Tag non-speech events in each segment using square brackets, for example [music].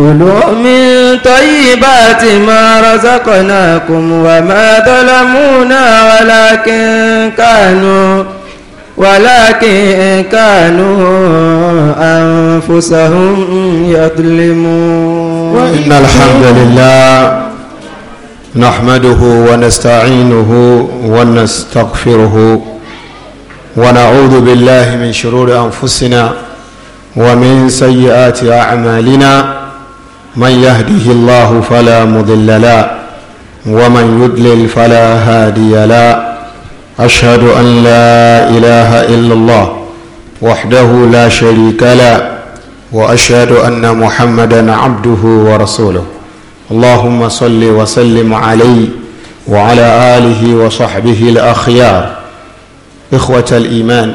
كلوا من طيبات ما رزقناكم وما ظلمونا ولكن كانوا ولكن كانوا أنفسهم يظلمون إن الحمد لله نحمده ونستعينه ونستغفره ونعوذ بالله من شرور أنفسنا ومن سيئات أعمالنا من يهده الله فلا مضل له ومن يدلل فلا هادي له أشهد أن لا إله إلا الله وحده لا شريك له وأشهد أن محمدا عبده ورسوله اللهم صل وسلم عليه وعلى آله وصحبه الأخيار إخوة الإيمان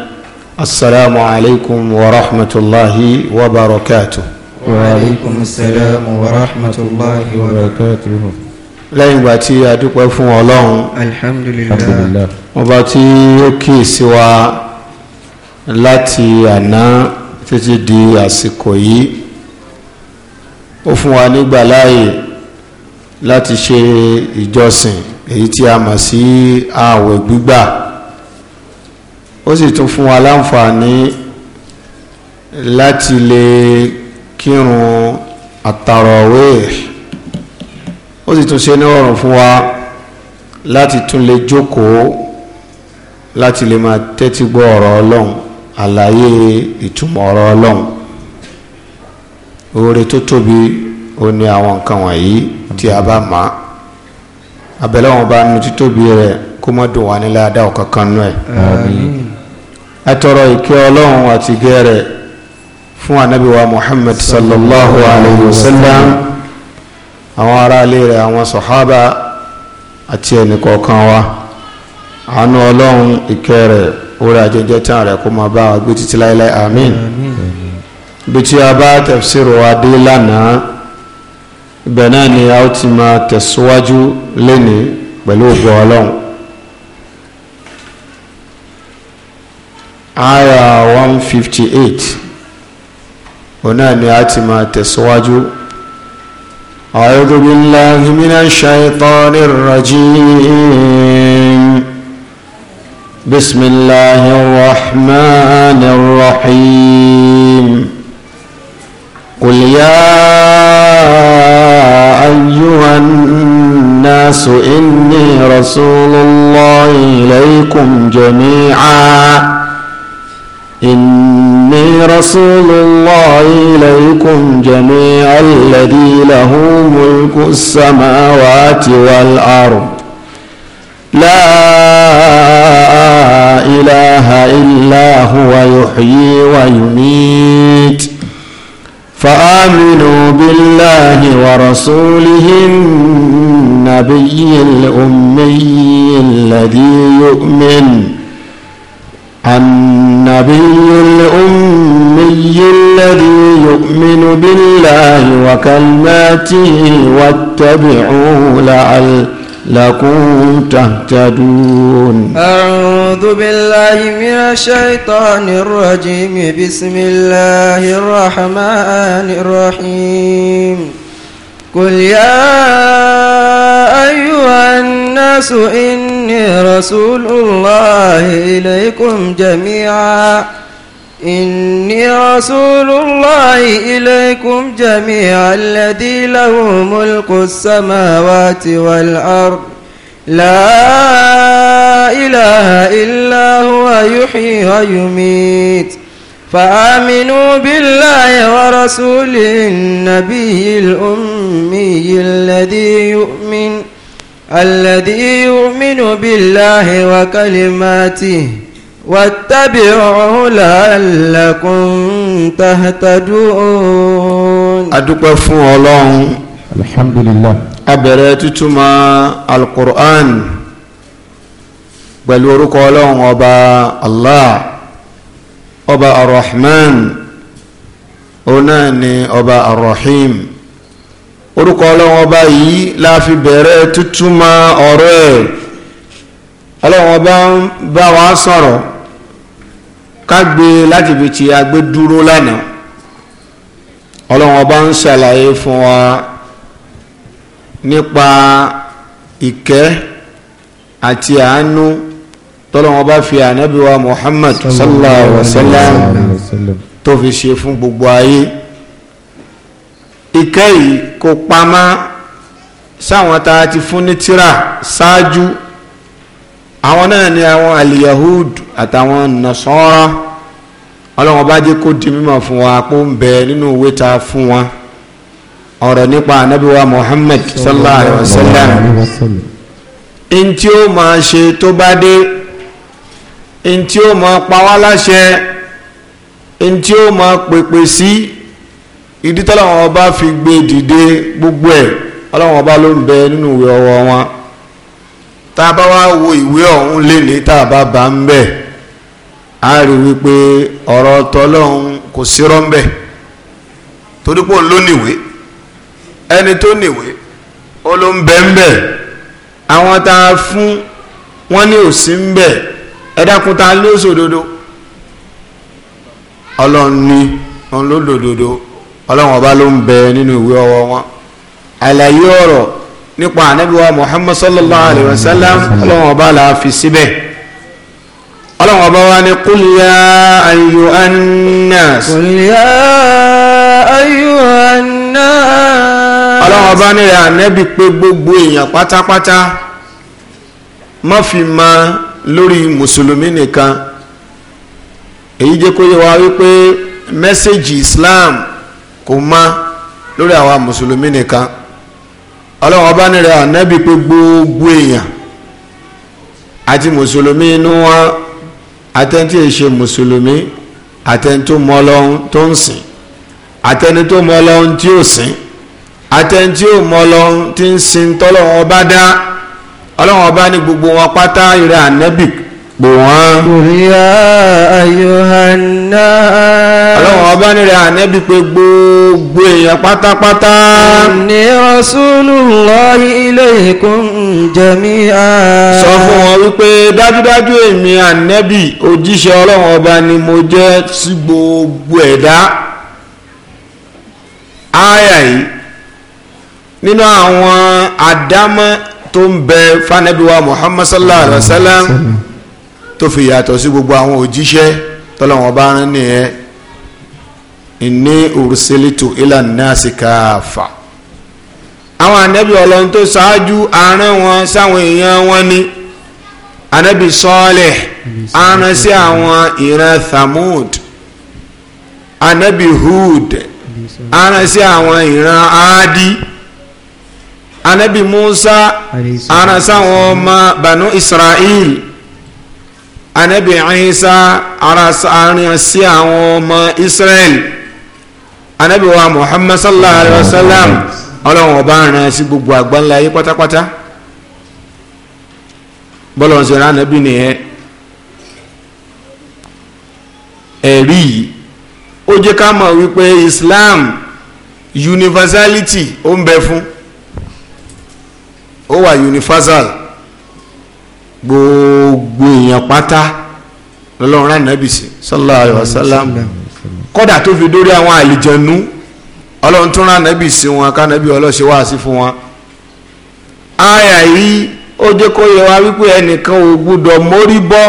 السلام عليكم ورحمة الله وبركاته وعليكم السلام ورحمة الله وبركاته lẹ́yìn ìgbà tí a dúpẹ́ fún ọlọ́run alhamdulillah ọba tí ó kì í sí wa láti àná títí di àsìkò yìí ó fún wa nígbà láàyè láti ṣe ìjọsìn èyí tí a mọ̀ sí ààwẹ̀ gbígbà ó sì tún fún wa láǹfààní láti lè kírun àtàràwíì ó sì tún ṣe ní ọ̀rùn fún wa láti tún lè jókòó láti lè máa tẹ́tí gbọ́ ọ̀rọ̀ ọlọ́run àlàyé ìtumọ̀ ọ̀rọ̀ ọlọ́run oore tó tóbi ó ní àwọn nǹkan wọ̀nyí tí a bá máa abẹ́lẹ́ wọn bá nu títóbi rẹ̀ kó má dùn wá nílẹ̀ adá ọ̀kankan nú ẹ̀ ẹ tọrọ ìkẹ́ ọlọ́run àti gẹ́ fún anabi wa muhammad sallallahu alayhi wa sallam àwọn aráalé rẹ̀ àwọn sọ̀hábà àti ẹnìkọ̀ọ̀kan wa àánú ọlọ́run ìkẹ́ rẹ̀ orí ajẹjẹ tán rẹ̀ kó máa bá wa gbé títí láéláé àmín bí tí a bá tafsir wa lánàá ibẹ̀ náà ni a ó ti máa tẹ̀síwájú lénìí pẹ̀lú ògo ọlọ́run aya one هنا نعتما تسواج أعوذ بالله من الشيطان الرجيم بسم الله الرحمن الرحيم قل يا أيها الناس إني رسول الله إليكم جميعا إِنِّي إني رسول الله إليكم جميعا الذي له ملك السماوات والأرض لا إله إلا هو يحيي ويميت فآمنوا بالله ورسوله النبي الأمي الذي يؤمن النبي الأمي الذي يؤمن بالله وكلماته واتبعوه لعلكم تهتدون أعوذ بالله من الشيطان الرجيم بسم الله الرحمن الرحيم قل يا أيها الناس إني رسول الله إليكم جميعا إني رسول الله إليكم جميعا الذي له ملك السماوات والأرض لا إله إلا هو يحيي ويميت فآمنوا بالله ورسوله النبي الأمي الذي يؤمن الذي يؤمن بالله وكلماته واتبعوه لعلكم تهتدون adúpẹ́ fún Ọlọ́run alhamdulillah abẹ̀rẹ̀ títúmọ̀ alqur'an pẹ̀lú orúkọ Ọlọ́run ọba Allah ọba arrahman ọ̀nà ni ọba arrahim orúkọ ọlọ́run ọba yìí la fi bẹ̀rẹ̀ tútúmọ̀ ọ̀rọ̀ ẹ̀ ọlọ́run ọba ń bá wa sọ̀rọ̀ ká gbé láti fi ti agbé dúró lánàá ọlọ́run ọba ń ṣàlàyé fún wa nípa ìkẹ́ àti àánú tọ́lọ́wọ́n bá fi ànábì Muhammad sallallahu alaihi wa sallam tó fi ṣe fún gbogbo ayé. ìkẹ́ yìí kò pamọ́ sáwọn tá a ti fún ní tírà ṣáájú àwọn náà ni àwọn aliyahud àtàwọn nasara ọlọ́wọ́n bá jẹ́ kó di mímọ̀ fún wa kó ń bẹ nínú ìwé ta fún wa ọ̀rọ̀ nípa Muhammad sallallahu alayhi wa sallam in tí ó máa ṣe tó bá dé in tí ó máa pa wá láṣẹ in tí ó máa pèpè sí. Si, ìdí tọ́lọ́wọ́n ọba fi gbé dìde gbogbo ẹ̀ ọlọ́wọ́n ọba ló ń bẹ nínú ìwé ọwọ́ wọn tá a bá wá wo ìwé ọ̀hún lé tá a bá bá ń bẹ̀ á rí wípé ọ̀rọ̀ tọ́lọ́hún kò sí rọ́ńbẹ̀ torí pé òun ló níwé ẹni tó níwé ó ló ń bẹ ń bẹ̀ àwọn tá a fún wọn ní òsì ń bẹ̀ ẹ dákun ta ló sòdodo ọlọ́run ni òun ló lòdodo ọlọ́run ọba ló ń bẹ nínú ìwé ọwọ́ wọn àlàyé ọ̀rọ̀ nípa ànábìwá muhammad sallallahu alayhi wa sallam ọlọ́run ọba là á fi síbẹ̀ ọlọ́run ọba wa ni qul ya ayyuhan nas. qul ya ayyuhan nas. ọlọ́run ọba ní rẹ̀ ànábì pé gbogbo èèyàn pátápátá má fi ma lórí mùsùlùmí nìkan èyí jẹ́ kó yẹ wá wípé mẹ́sẹ̀gì islam kò mọ́ lórí àwa mùsùlùmí nìkan ọlọ́run ọba nírẹ̀ ànábì pé gbogbo èèyàn àti mùsùlùmí inú wọn àtẹ́ntì ìṣe mùsùlùmí àtẹ́ni tó mọ ọlọ́run tó ń sìn àtẹ́ni tó mọ ọlọ́run tí ó sìn àtẹ́ni tí mọ ọlọ́run tí ń sin tọ́lọ́run ọba dá ọlọ́run ọba ní gbogbo wọn pátá ìrẹ̀ ànábì pò wọ́n. kùrìyà ayọ̀hánná ọlọ́run ọba nílẹ̀ ànẹ́bí pé gbogbo èèyàn pátápátá. ní rasulullahi ilaykum jami'a. sọ fún wọn wípé dájúdájú èmi ànẹ́bí òjíṣẹ́ ọlọ́run ọba ni mo jẹ́ sí gbogbo ẹ̀dá. ááyà yìí nínú àwọn àdámọ́ tó ń bẹ fanabiwa muhammad sallallahu alaihi wa sallam tó fi yàtọ̀ sí gbogbo àwọn òjíṣẹ́ tọ́lọ́wọ́n bá rán nìyẹn inni ursilitu ila nasi kaafa àwọn anabi ọlọ́run tó ṣáájú àárín wọn sáwọn èèyàn wọn ni anabi sọ́ọ̀lẹ̀ àárín sí àwọn ìran thamud anabi hud àárín sí àwọn ìran adi anabi musa àárín sáwọn ọmọ banu israel anabi isa àárín sí àwọn ọmọ israel anabi wa muhammad sallallahu alayhi wa sallam ọlọ́run ọba ń rán sí gbogbo àgbáńlá ayé pátápátá bọ́lọ̀ ń sọ̀rọ̀ anabi nìyẹn ẹ̀rí yìí ó jẹ́ ká mọ̀ wípé islam universality ó ń bẹ fún ó wà universal gbogbo èèyàn pátá lọ́lọ́run rán anabi sí sallallahu alayhi wa Mm -hmm kódà tó fi dórí àwọn àlìjẹnú ọlọ́run tún rán nẹ́bì sí wọn kánẹ́bì ọlọ́ṣẹ́ wá sí fún wọn. àyà yìí ó jẹ́ kó yẹ wá wípé ẹnìkan ò gbúdọ̀ mórí bọ́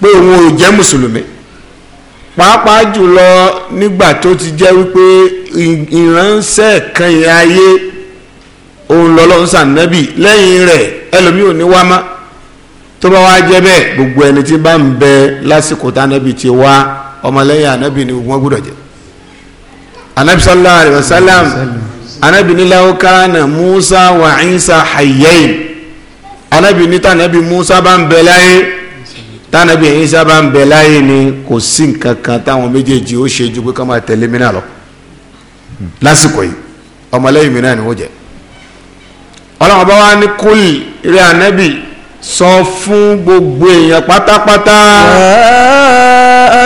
pé òun ò jẹ́ mùsùlùmí pàápàá jùlọ nígbà tó ti jẹ́ wípé ìránṣẹ́ kan yẹn ayé òun lọ́lọ́run sànẹ́bì lẹ́yìn rẹ̀ ẹlòmíì ò ní wá mọ́ tó bá wá jẹ́ bẹ́ẹ̀ gbogbo ẹni tí bá ń bẹ lásìkò tánẹ́bì ti wá ọmọlẹ́yìn anabi ni wọ́n gbọ́dọ̀ jẹ́ anabi sallallahu alayhi wa sallam anabi ni law kana musa wa isa hayyain anabi ni tànàbí musa bá ń bẹ láyé tànàbí isa bá ń bẹ láyé ni kò sí nǹkan kan táwọn méjèèjì ó ṣe ju pé ká máa tẹ̀lé mi lọ lásìkò yìí ọmọlẹ́yìn mi ni wọ́n jẹ́ ọlọ́run bá wá ní kúlì rẹ̀ anabi sọ fún gbogbo èèyàn pátápátá.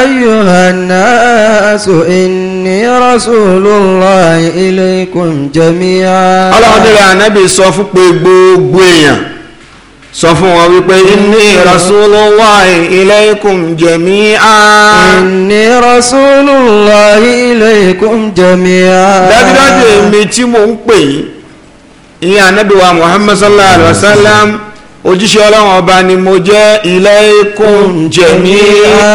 أيها الناس إني رسول الله إليكم جميعا ọlọ́run tẹ́lẹ̀ ànábì sọ fún pé gbogbo èèyàn sọ fún wọn wípé inni rasulullahi ilaykum jami'a inni rasulullahi ilaykum jami'a dájúdájú èmi tí mò ń pè yí ìyẹn ànábì wa muhammad sallallahu alaihi wasallam ojúṣe ọlọ́run ọba ni mo jẹ́ ilaykum jami'a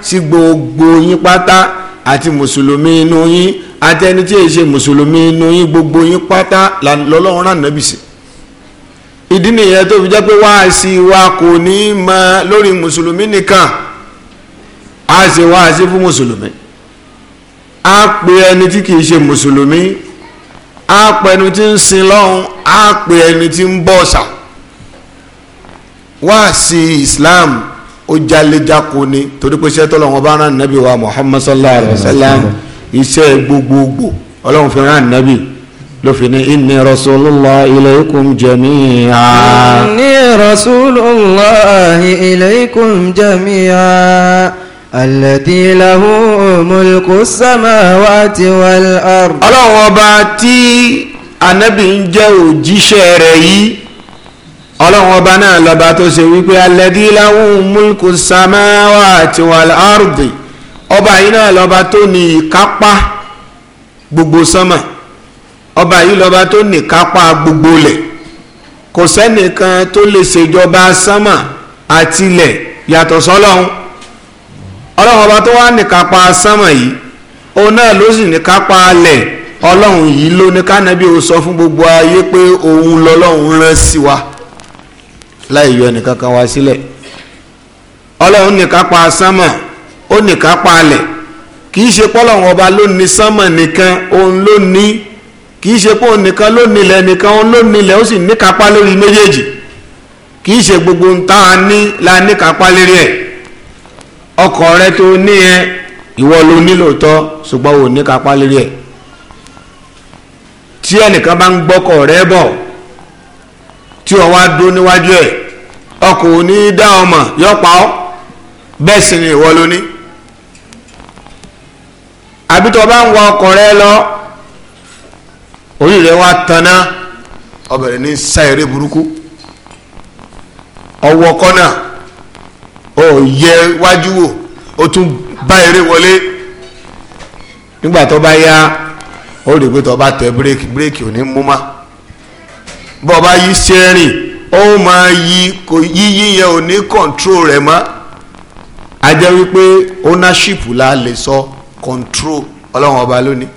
sí gbogbo yín pátá àti mùsùlùmí inú yín àtẹni tí èyí ṣe mùsùlùmí inú yín gbogbo yín pátá lọ́lọ́run rán nàbì sí ìdí nìyẹn tó fi jẹ́ pé wáàsí wa kò ní mọ lórí mùsùlùmí nìkan a ṣe wáàsí fún mùsùlùmí a pe ẹni tí kìí ṣe mùsùlùmí a pe ẹni tí ń sin lọ́hun a pe ẹni tí ń bọ̀ṣà wáàsí Islam ó jálẹjáko ni torí pé iṣẹ́ tọ́lọ̀ wọn bá rán nàbí wa Muhammad sallallahu alayhi wa sallam iṣẹ́ gbogbogbò ọlọ́run fi rán nàbí ló fi ní inni rasulullah ilaykum jami'a. inni rasulullah ilaykum jami'a. التي له ملك السماوات والأرض. ọlọ́run ọba tí anabi ń jẹ́ òjíṣẹ́ rẹ̀ yìí ọlọ́run ọba náà lọ́ba tó ṣe wípé alẹ́dí láwọn múlùkù samáwá àti wàlárùdì ọba yìí náà lọ́ba tó ní ìkápá gbogbo sánmà ọba yìí lọ́ba tó ní ìkápá gbogbo lẹ̀ kò sẹ́nìkan tó lè ṣèjọba sánmà àti ilẹ̀ yàtọ̀ sọ́lọ́run ọlọ́run ọba tó wà ní ìkápá sánmà yìí òun náà ló sì ní ìkápá lẹ̀ ọlọ́run yìí ló ní kánábí ó sọ fún gbogbo ayé pé òun lọ́lọ́run rán sí wa láì yọ ẹnìkankan wá sílẹ̀ ọlọ́run nìkan pa sánmà ó nìkan pa alẹ̀ kì í ṣe pọ́lọ́run ọba ló ní sánmà nìkan òun ló ní kì í ṣe pé òun nìkan ló nílẹ̀ nìkan òun ló nílẹ̀ ó sì níkapá lórí méjèèjì kì í ṣe gbogbo ń tá la níkapá lérí ẹ̀ ọkọ̀ rẹ tó ní ẹ ìwọ ló nílò tọ́ ṣùgbọ́n ò níkapá lérí ẹ̀ tí ẹnìkan bá ń gbọ́kọ̀ rẹ bọ̀ tí o wá dó níwájú ẹ̀ ọkọ̀ ò ní dá ọmọ yọpa ọ bẹ́ẹ̀ sì ni ìwọ ló ní bá ń wa ọkọ̀ rẹ lọ orí rẹ wá taná ọbẹ̀rẹ̀ ní sáyẹ̀rẹ̀ burúkú ọwọ́ kọ́nà ó yẹ wájú wò ó tún bá eré wọlé nígbà tó bá yá ó rí i pé tó bá tẹ bírèkì bírèkì ò ní mú má bó bá yí sẹ́rìn ó máa yí kò yíyí yẹn ò ní control rẹ̀ mọ́ a jẹ́ wípé ownership la lè sọ control ọlọ́run ọba lónìí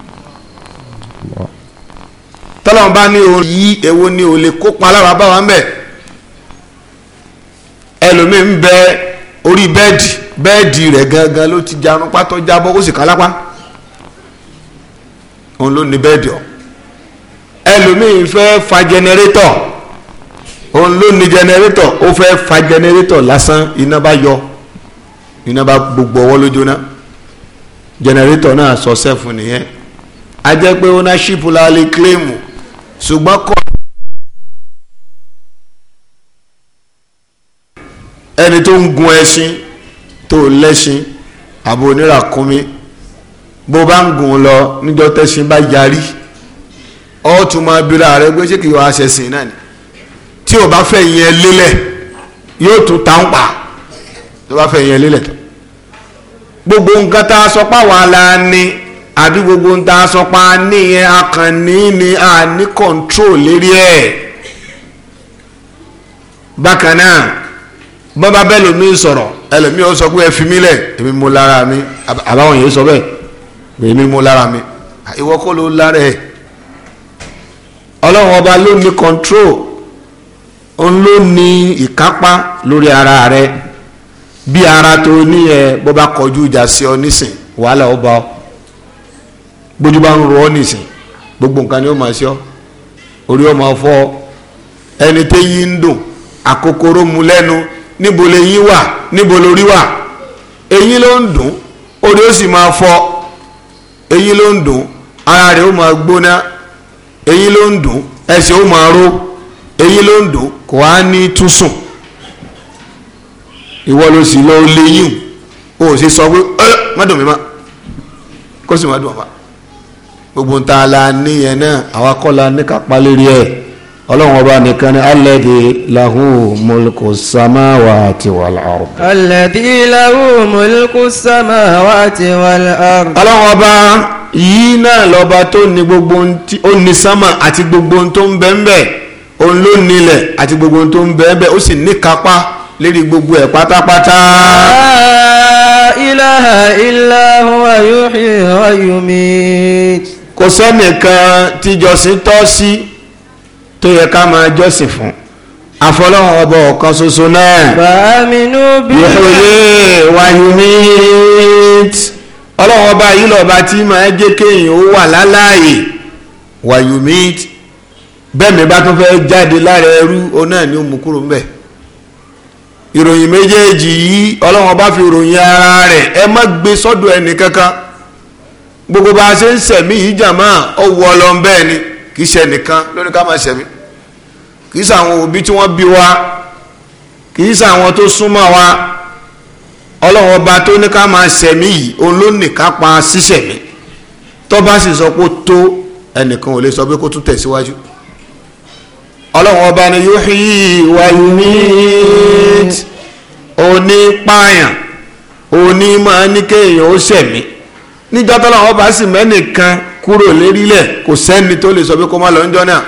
tọ́lọ́run bá ní o yí èwo ni o lè kópa lára báwa ń bẹ̀ ẹlòmíì ń bẹ orí bẹ́ẹ̀dì bẹ́ẹ̀dì rẹ̀ gangan ló ti jarun pátọ́ jábọ́ ó sì kálápá òun ló ní bẹ́ẹ̀dì ọ ẹlòmíì fẹ́ fa jẹnẹrétọ̀ òun ló ní jẹnẹrétọ̀ ó fẹ́ fa jẹnẹrétọ̀ lásán iná bá yọ iná bá gbogbo ọwọ́ ló jóná jẹnẹrétọ̀ náà sọ sẹ́fù nìyẹn a jẹ́ pé ownership la lè kílèmù ṣùgbọ́n kọ́ ẹni tó ń gun ẹṣin tó lẹ́ṣin àbò oníràkúnmí bó bá ń gùn lọ níjọ́ tẹ́ṣin bá yarí ó tún máa bira rẹ̀ pé ṣé kì í wá ṣẹ̀sìn náà ni tí o bá fẹ́ yẹn lélẹ̀ yóò tún ta ń pa tó bá fẹ́ yẹn lélẹ̀ tán gbogbo nǹkan tá a sọ pa wà la ni àbí gbogbo nǹkan tá a sọ pa níyẹn akànní ni a ní control lérí ẹ̀ bákan náà bọ́ba bẹ́ẹ̀ lómi sọ̀rọ̀ ẹlòmíì ó sọ pé ẹ fi mí lẹ̀ èmi mo lára mi àbáwọn yẹn sọ bẹ́ẹ̀ èmi mo lára mi ìwọ kọ́ ló lára ẹ̀ ọlọ́run ọba ló ní control òun ló ní ìkápá lórí ara rẹ bí ara tó ní ẹ bó bá kọjú ìjà sí ọ nísìn wàhálà ó ọ ro ọ gbogbo nǹkan ni ó máa ṣe ọ orí ọ máa fọ ẹni téyí ń dùn àkókòrò mu lẹ́nu níbo lẹ́yìn wà níbo lórí wà ló ń dùn orí ó sì máa fọ eyín ló ń dùn ara rẹ̀ ó máa gbóná ló ń eyín ló ń dò kò á ní tún sùn ìwọ ló sì lọ léyìn o ò sì sọ pé ẹ mọ́dún mi má kó sì má dùn ọ̀fà gbogbo nta la níyẹn náà àwa kọ́ la ní kápá lérí ẹ̀ ọlọ́run ọba nìkan ni alẹ́dì lahu mulku samawati wal ard. alẹ́dì lahu mulku samawati wal ard. ọlọ́run ọba yìí náà lọ́ba tó ní gbogbo ó ní sámà àti gbogbo tó ń bẹ́ẹ̀ bẹ́ẹ̀. òun lo nílẹ̀ àti gbogbo tó ń bẹ́ẹ̀ bẹ́ẹ̀ ó sì níkápá lérí gbogbo ẹ̀ pátápátá. ilaha ilahu huwa yuhyi kò sẹ́nìkan tíjọsìn tọ́ sí tó yẹ ká máa jọ́sìn fún àfọlọ́wọ́n ọba ọ̀kan ṣoṣo náà. bàmínú bí. ọba yìí lọ́ba tí máa jẹ́ kéèyàn ó wà láláàyè wa bẹ́ẹ̀ mi bá tún fẹ́ jáde lára ẹrú òun náà ni ó mú kúrò ńbẹ̀ ìròyìn méjèèjì yìí ọlọ́run bá fi ròyìn ara rẹ̀ ẹ má gbé sọ́dọ̀ ẹnì kankan gbogbo bá a ṣe ń sẹ̀mí yìí jàmá ọwọ́ ọlọ́run bẹ́ẹ̀ ni kì í ṣe ẹnìkan lónìí ká máa sẹ̀mí kì í ṣàwọn òbí tí wọ́n bí wa kì í ṣàwọn tó súnmọ́ wa ọlọ́run ọba tó ní ká máa sẹ̀mí yìí òun ló nìkan pa sísẹ̀mí tó bá sì sọ pé tó ẹnìkan ò lè sọ pé kó tún tẹ̀síwájú. Si ọlọ́run ọba ni yuhyi wa yumit òní pààyàn òní máa ní kéèyàn ó ṣẹ̀mí níjọ́ tọ́lọ́run ọba sì mẹ́nìkan kúrò lérílẹ̀ kò sẹ́ni tó lè sọ pé kó má lọ ń jọ́ náà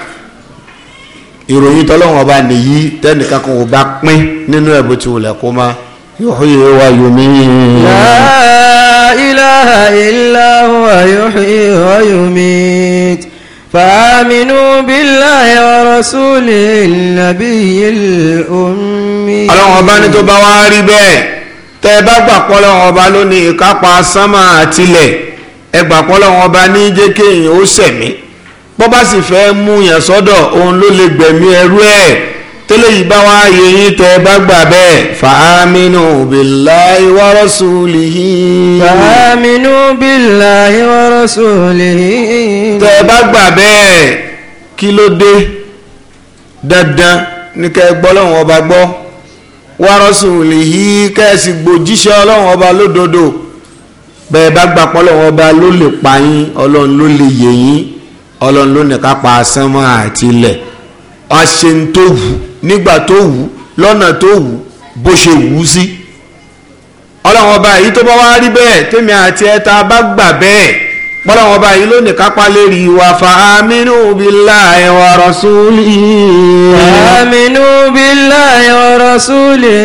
ìròyìn tọ́lọ́run ọba nìyí tẹ́nìkan kan ò bá pín nínú ẹ̀ bó ti wùlẹ̀ kó má yuhyi wa yumit. la ilaha illa huwa yuhyi wa yumit. فآمنوا بالله ورسوله النبي الأمي ọlọ́run ọba ní tó bá wá rí bẹ́ẹ̀ tẹ́ ẹ bá gbà pé ọlọ́run ọba ló ní ìkápá sánmà àtilẹ̀ ẹ gbà pé ọlọ́run ọba ní jẹ́ kéèyàn ó sẹ̀mí bó bá sì fẹ́ mú yàn sọ́dọ̀ òun ló lè gbẹ̀mí ẹrú ẹ̀ tẹ́lẹ̀ yìí bá wá yẹ yín tẹ́ bá gbà bẹ́ẹ̀ fàámínú billahi wa rasulihi fàámínú billahi wa rasulihi tẹ́ bá gbà bẹ́ẹ̀ kí ló dé dandan ní kẹ́ gbọ́ lọ́wọ́n ọba gbọ́ wa rasulihi kẹ́ẹ̀sì gbòjíṣẹ́ ọlọ́wọ́n ọba lódodo bẹ́ẹ̀ bá gbà pọ́ lọ́wọ́n ọba ló lè pa yín ọlọ́run ló lè yẹ ọlọ́run ló nìka pa sánmọ́ àti àṣẹ tó nígbà tó wù lọ́nà tó wù bó ṣe wù sí ọlọ́run ọba yìí tó bá wá rí bẹ́ẹ̀ tèmi àti ẹ̀ta bá gbà bẹ́ẹ̀ ọlọ́run ọba yìí ló kápá lérí wa fa aminu billahi wa rasuli. aminu billahi wa rasuli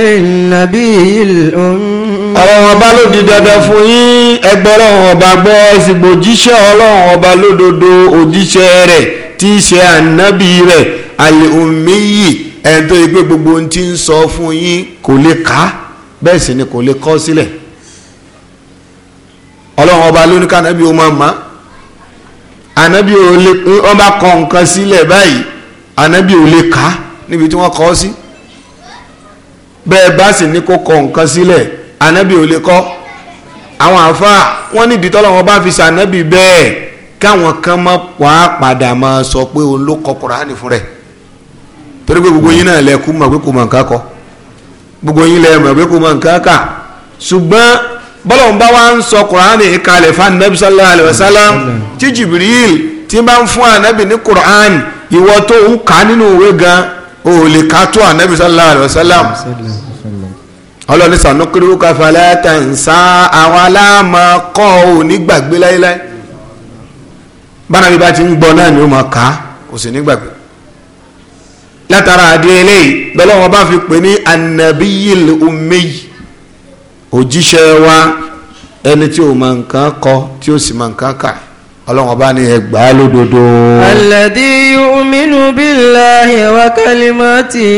nabiyil ummi. ọlọ́run ọba ló dandan fún yín ẹgbẹ́ ọlọ́run ọba gbọ́ ẹ̀sìn gbòjíṣẹ́ ọlọ́run ọba lódodo òjíṣẹ́ rẹ̀ tí í ṣe ànábì rẹ̀ al-ummiyi ẹni tó yẹ pé gbogbo ohun tí ń sọ fún yín kò lè kà á bẹ́ẹ̀ sì ni kò lè kọ sílẹ̀ ọlọ́run ọba ló ní ká ànábì ó máa ma ànábì ò lè wọ́n bá kọ nǹkan sílẹ̀ báyìí ànábì ò lè kà á níbi tí wọ́n kọ sí bẹ́ẹ̀ bá sì ní kó kọ nǹkan sílẹ̀ ànábì ò lè kọ́ àwọn àáfàá wọ́n nídìí tọ́lọ́run bá fi sànábì bẹ́ẹ̀ káwọn kan máa pàápàdà máa sọ pé òun ló kọ Kùránì fún rẹ̀ torí pé gbogbo yín náà lẹ kú mọ̀ pé kò mọ̀ nǹkan kọ gbogbo yín lẹ mọ̀ pé kò mọ̀ nǹkan kà ṣùgbọ́n bọ́lọ̀n bá wa ń sọ kùránì kalẹ̀ fún anabi sallallahu alayhi wa sallam tí jibril ti máa ń fún anabi ní kùránì ìwọ tó ń kà nínú ìwé gan o lè ká tó anabi sallallahu alayhi wa sallam ọlọ́ni sànúkúrú káfàlẹ́ tẹ̀sán àwọn aláàmọ́ kọ́ ò ní gbàgbé láéláé bánabi bá ti ń gbọ́ náà ni ó máa kà á kò sì ní gbàgbé látara àdín eléyìí lọ́lọ́wọ́n bá fi pè ní anabiyil umeyi òjíṣẹ́ wa ẹni tí ò mọ nǹkan kọ tí ó sì mọ nǹkan kà ọlọ́wọ́n bá ní ẹgbàá lódodo. alladhi yu'minu billahi wa kalimati.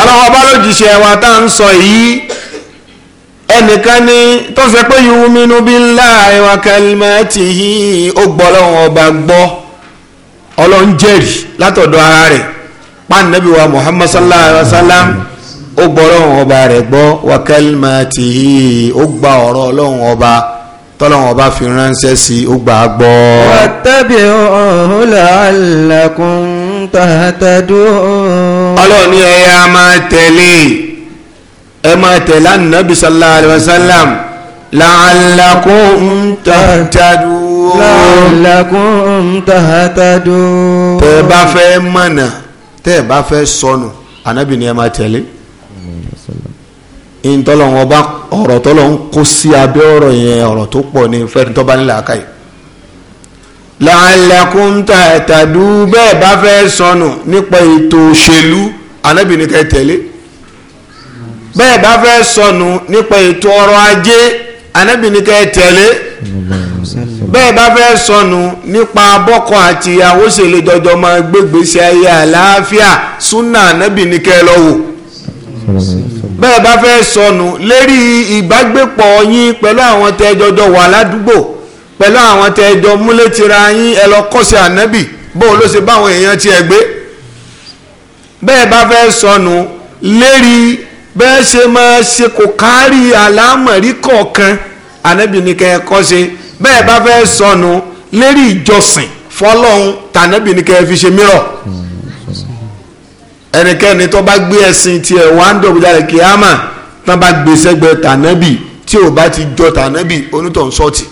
ọlọ́wọ́n bá lójíṣẹ́ wa tá à ń sọ yìí ẹnìkan ni tó fẹ́ pé yu'minu billahi wa kalimatihi ó gbọ́ ọlọ́wọ́n ọba gbọ́ ọlọ́run látọ̀dọ̀ ara rẹ̀ pàǹdàbí wa muhammad sallallahu alayhi wa sallam ó gbọ́rọ̀ ọba rẹ̀ gbọ́ wa kalimatihi ó gba ọ̀rọ̀ ọlọ́run ọba tọ́lọ́wọ́n ọba fi ránṣẹ́ sí ó gbà á gbọ́. wattabi'uhu la'allakum tahtadun. ọlọ́run ní ẹ yá máa tẹ̀lé ẹ máa tẹ̀lé ànábì sallallahu alayhi wa sallam la'allakum tahtadun. la'allakum tahtadun. bá fẹ́ mọ̀nà tẹ́ ẹ bá fẹ́ sọnù ànábì ni ẹ máa tẹ̀lé ntọ́lọ́wọ́n bá ọ̀rọ̀ tọ́lọ́ ń kó sí abẹ́ ọ̀rọ̀ yẹn ọ̀rọ̀ tó pọ̀ ní fẹ́ni tó bá nílẹ̀ àkàyè. làálẹ̀kùn ta ẹ̀tàdú bẹ́ẹ̀ bá fẹ́ sọnù nípa ètò òṣèlú ànábì ni kẹ́ tẹ̀lé bẹ́ẹ̀ bá fẹ́ sọnù nípa ètò ọrọ̀ ajé ànábì ni kẹ́ tẹ̀lé bẹ́ẹ̀ bá fẹ́ sọnù nípa bọ́kọ àti ìyàwó ṣèlè jọjọ máa gbégbèsè ayé àlàáfíà súnà ànábì ní kẹ́ ẹ lọ wò bẹ́ẹ̀ bá fẹ́ sọnù lérí ìbágbépọ̀ yín pẹ̀lú àwọn tẹ́ jọjọ wà ládùúgbò pẹ̀lú àwọn tẹ́ jọ múlẹ̀ tira yín ẹ lọ kọ́sẹ̀ ànábì bóun ló ṣe báwọn èèyàn tiẹ̀ gbé bẹ́ẹ̀ bá fẹ́ sọnù lérí bẹ́ẹ̀ ṣe máa ṣe kò kárí àlámọ̀rí kọ̀ọ̀kan ànábì ní kẹ́ ẹ kọ́sẹ̀ bẹ́ẹ̀ bá fẹ́ sọnù lérí ìjọsìn fọlọ́hún tànàbì ní kẹ́ẹ́ fi ṣe mìíràn ẹnikẹ́ni tó bá gbé ẹ̀sìn tiẹ̀ wá ń dọ̀bù jáde kíámà tán bá gbé sẹ́gbẹ̀ẹ́ tànàbì tí ò bá ti jọ tànàbì onítọ̀hún sọ́ọ̀tì.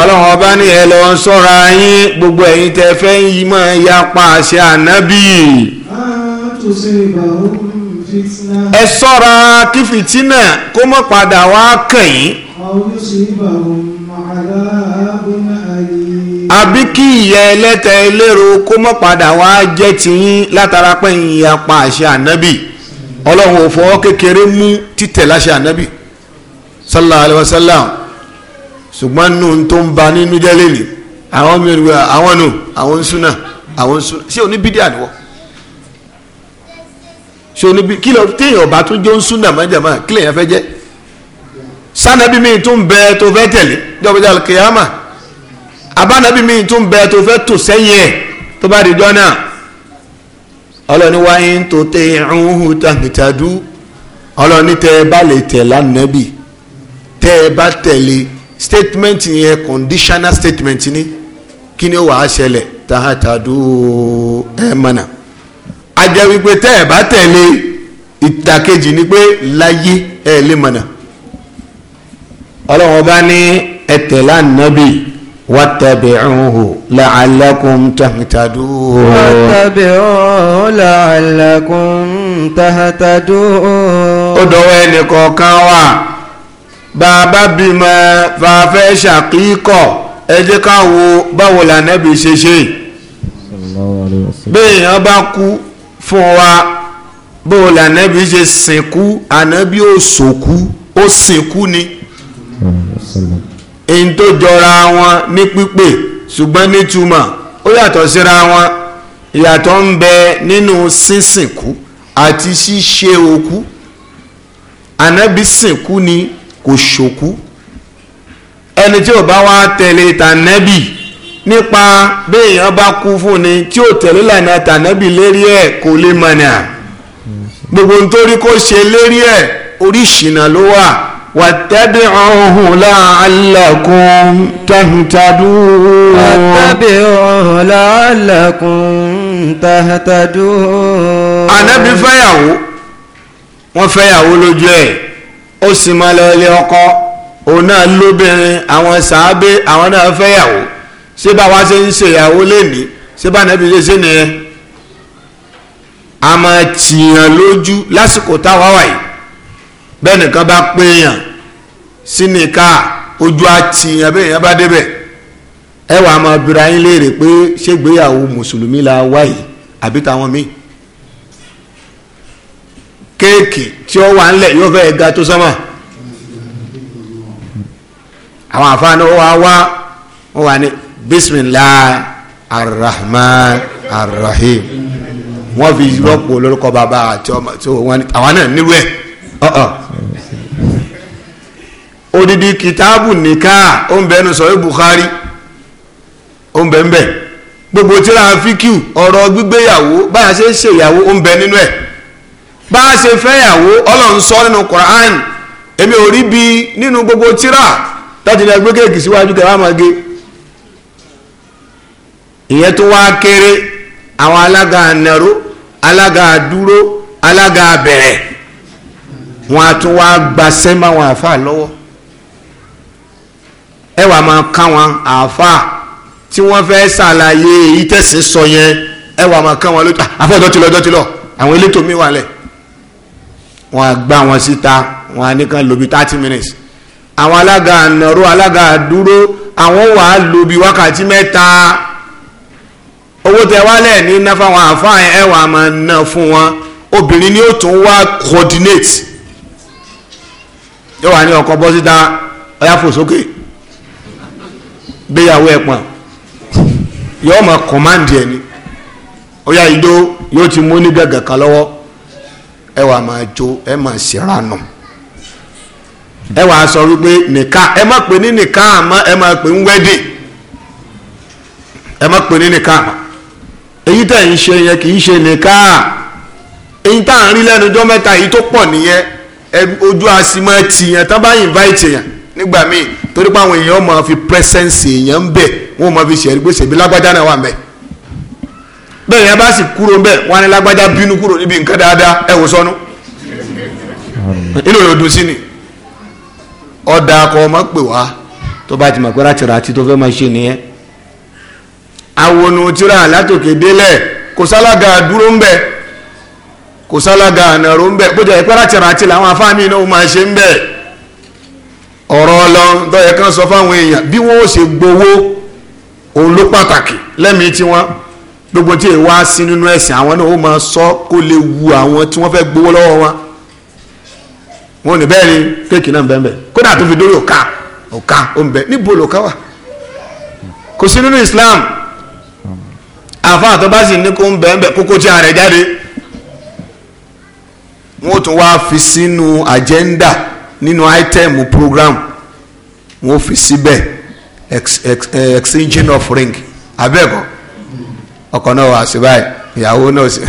ọlọ́run ọba ní ẹ lọ sọ́ra yín gbogbo ẹ̀yin tẹ́ fẹ́ yí máa yapa àṣẹ ànábì. a tún ṣe ìbàwọ́ ẹ ṣọ́ra kí fìtínà kó mọ́ padà wá kàn yín. àbí kí ìyà ẹlẹ́tẹ̀ eléro kó mọ́ padà wá jẹ́ tiyín látara pé ìyà pa àṣẹ ànábì ọlọ́run ò fọwọ́ kékeré mú títẹ̀ láṣẹ ànábì sallallahu alayhi wa sallam ṣùgbọ́n nù tó ń ba nínú jẹ́ lélẹ̀ àwọn mẹ́rin àwọn nù àwọn súnà àwọn súnà ṣé oníbídíà ni wọ́n ṣe oníbi kí lọ téèyàn ọba tó jó ń sún dàmájàmá kí lèèyàn fẹ́ jẹ́ sanabi mi tún bẹ tó fẹ́ tẹ̀lé jọbọjà kìyàmà abánabi mi tún bẹ tó fẹ́ tò sẹ́yìn ẹ̀ tó bá di jọ náà ọlọ́ni wáyé ń tó tẹ ẹ̀hún tàbítàdú ọlọ́ni tẹ ẹ bá lè tẹ̀ lánàbì tẹ ẹ bá tẹ̀lé statement yẹn conditional statement ni kí ni ó wàá ṣẹlẹ̀ tàhátàdú ẹ̀ mọ̀nà a jẹ́ wípé tẹ́ ẹ̀ bá tẹ̀lé ìdàkejì ni pé láyé ẹ̀ lè mọ̀nà ọlọ́run ọba ní ẹ tẹ̀lé ànábì wattabi'uhu la'allakum tahtadun. wattabi'uhu la'allakum tahtadun. ó dọ̀wọ́ ẹnìkọ̀ọ̀kan wa bàbá bímọ fàáfẹ́ ṣàkíkọ̀ ẹ jẹ́ ká wo báwo lànàbì ṣe ṣe. bẹ́ẹ̀ yẹn bá kú fún wa bó o lànàbí ṣe sìnkú ànábí ò sòkú ó sìnkú ni èyí tó jọra wọn ní pípé ṣùgbọ́n nítumọ̀ ó yàtọ̀ síra wọn ìyàtọ̀ ń bẹ nínú sínsìnkú àti ṣíṣe òkú ànábí sìnkú ni kò ṣòkú ẹni tí ò bá wá tẹ̀lé tànábì nípa béèyàn bá kú fún ni tí ò tẹ̀lé lànà tànábì lérí ẹ̀ kò lè mọ̀nà gbogbo nítorí kó ṣe lérí ẹ̀ oríṣìnà ló wà واتبعوه لعلكم تهتدون واتبعوه لعلكم تهتدون ànábì fẹ́yàwó wọ́n fẹ́yàwó lójú ẹ̀ ó sì máa lọ ilé ọkọ òun náà lóbìnrin àwọn sàábé àwọn náà fẹ́yàwó Se báwa ṣe ń ṣèyàwó se ba bá nàbí ṣe ṣe nìyẹn a máa tìyàn lójú lásìkò táwa wà yìí bẹ́ẹ̀ nìkan bá péyàn sínìkà ojú àtìyàn bẹ́ẹ̀ yẹn bá débẹ̀ ẹ wàá máa bira yín léèrè pé ṣégbéyàwó mùsùlùmí la wà yìí àbí táwọn míì kéèkì tí ó wà ńlẹ̀ yóò fẹ́ ga tó sánmà àwọn àfáàní ó wá wá ó wà ní bisimilah arrahman arrahim wọ́n fi rọ́pò lórúkọ bàbá àti ọmọ tó wọn àwọn náà nílùú ẹ̀ ọ̀ọ́ odidi kìtàbù nìkan ó ń bẹnu sọ yìí Bukhari ó ń bẹ ń bẹ gbogbo tíra fíkìú ọ̀rọ̀ gbígbéyàwó báyà ṣe ń ṣèyàwó ó ń bẹ nínú ẹ̀ bá a ṣe fẹ́yàwó ọlọ́run nínú Quran èmi ò rí bi nínú gbogbo tíra tọ́jú ní ẹgbẹ́ síwájú kẹ́ wá máa gé ìyẹn tó wá kéré àwọn alága ànàró alága àdúró alága àbẹ̀rẹ̀ wọn a tún wá gbaṣẹ́ máwọn àáfàá lọ́wọ́ ẹ wàá máa ká wọn àáfàá tí wọ́n fẹ́ ṣàlàyé èyí tẹ̀sí sọ yẹn ẹ wàá máa ká wọn lójú ah, àfọ̀ dọ́tìlọ dọ́tìlọ àwọn elétò mi wà lẹ̀ wọn a gbá wọn síta wọn a nìkan lò thirty minutes àwọn alága ànàró alága àdúró àwọn wàá lò wákàtí mẹ́ta. owó tẹ wálẹ̀ ní ná fáwọn àfáà ẹ wà máa ná fún wọn obìnrin ni ó tún wá coordinate yóò wà ní ọkọ bọ́ síta ọyá fò sókè gbéyàwó ẹ̀ pọ̀n yóò máa command ẹ̀ ni ọyá ìdó yóò ti mú ní gẹ̀gẹ̀ lọ́wọ́ ẹ wà máa jó ẹ máa ṣèrànà ẹ wàá sọ wípé nìka ẹ má pè ní nìka àmọ́ ẹ má pè èyí tẹ̀ ń ṣe yẹn kì í ṣe nìkan èyí tá à ń rí lẹ́nu ọjọ́ mẹ́ta èyí tó pọ̀ nìyẹn ojú àsìmọ́ ti yẹn tán invite yẹn nígbà míì torí pé àwọn èèyàn máa fi presence èèyàn ń bẹ̀ wọ́n máa fi ṣẹ̀rí pé lágbájá náà wà ń bẹ́ẹ̀ yẹn bá sì kúrò wọ́n á ní lágbájá bínú kúrò níbi nǹkan dáadáa ẹ̀ wò inú dùn sí ni ọ̀dà ọmọ pè wá tó bá ti mọ̀ pé awonu tíra látòkè délẹ̀ kò sálága dúró ń bẹ kò sálága ànàró ń bẹ bó jẹ́ ìpẹ́ rátìrátì làwọn afáàmì iná ó máa ṣe ń bẹ ọ̀rọ̀ ọlọ́run tó yẹ kán sọ fáwọn èèyàn bí wọ́n ó ṣe gbowó òun ló pàtàkì lẹ́mìí tí wọ́n gbogbo tí èèwà sí nínú ẹ̀sìn àwọn náà ó máa sọ kó lè wu àwọn tí wọ́n fẹ́ gbowó lọ́wọ́ wọn wọn ò ní bẹ́ẹ̀ ni kéèkì náà ń bẹ́ẹ̀ bẹ́ẹ̀ kódà tó fi dórí òka òka ó ń bẹ níbo lòka kò sí nínú Islam àfa àtọ́bá sì ní kó ń bẹ̀ ń bẹ̀ kókó tí a rẹ̀ jáde wọ́n tún wá fi sínú agenda nínú item program wọ́n fi síbẹ̀ eh, exchanging of ring abẹ́ẹ̀kọ́ ọkọ náà wà sí báyìí ìyàwó náà sí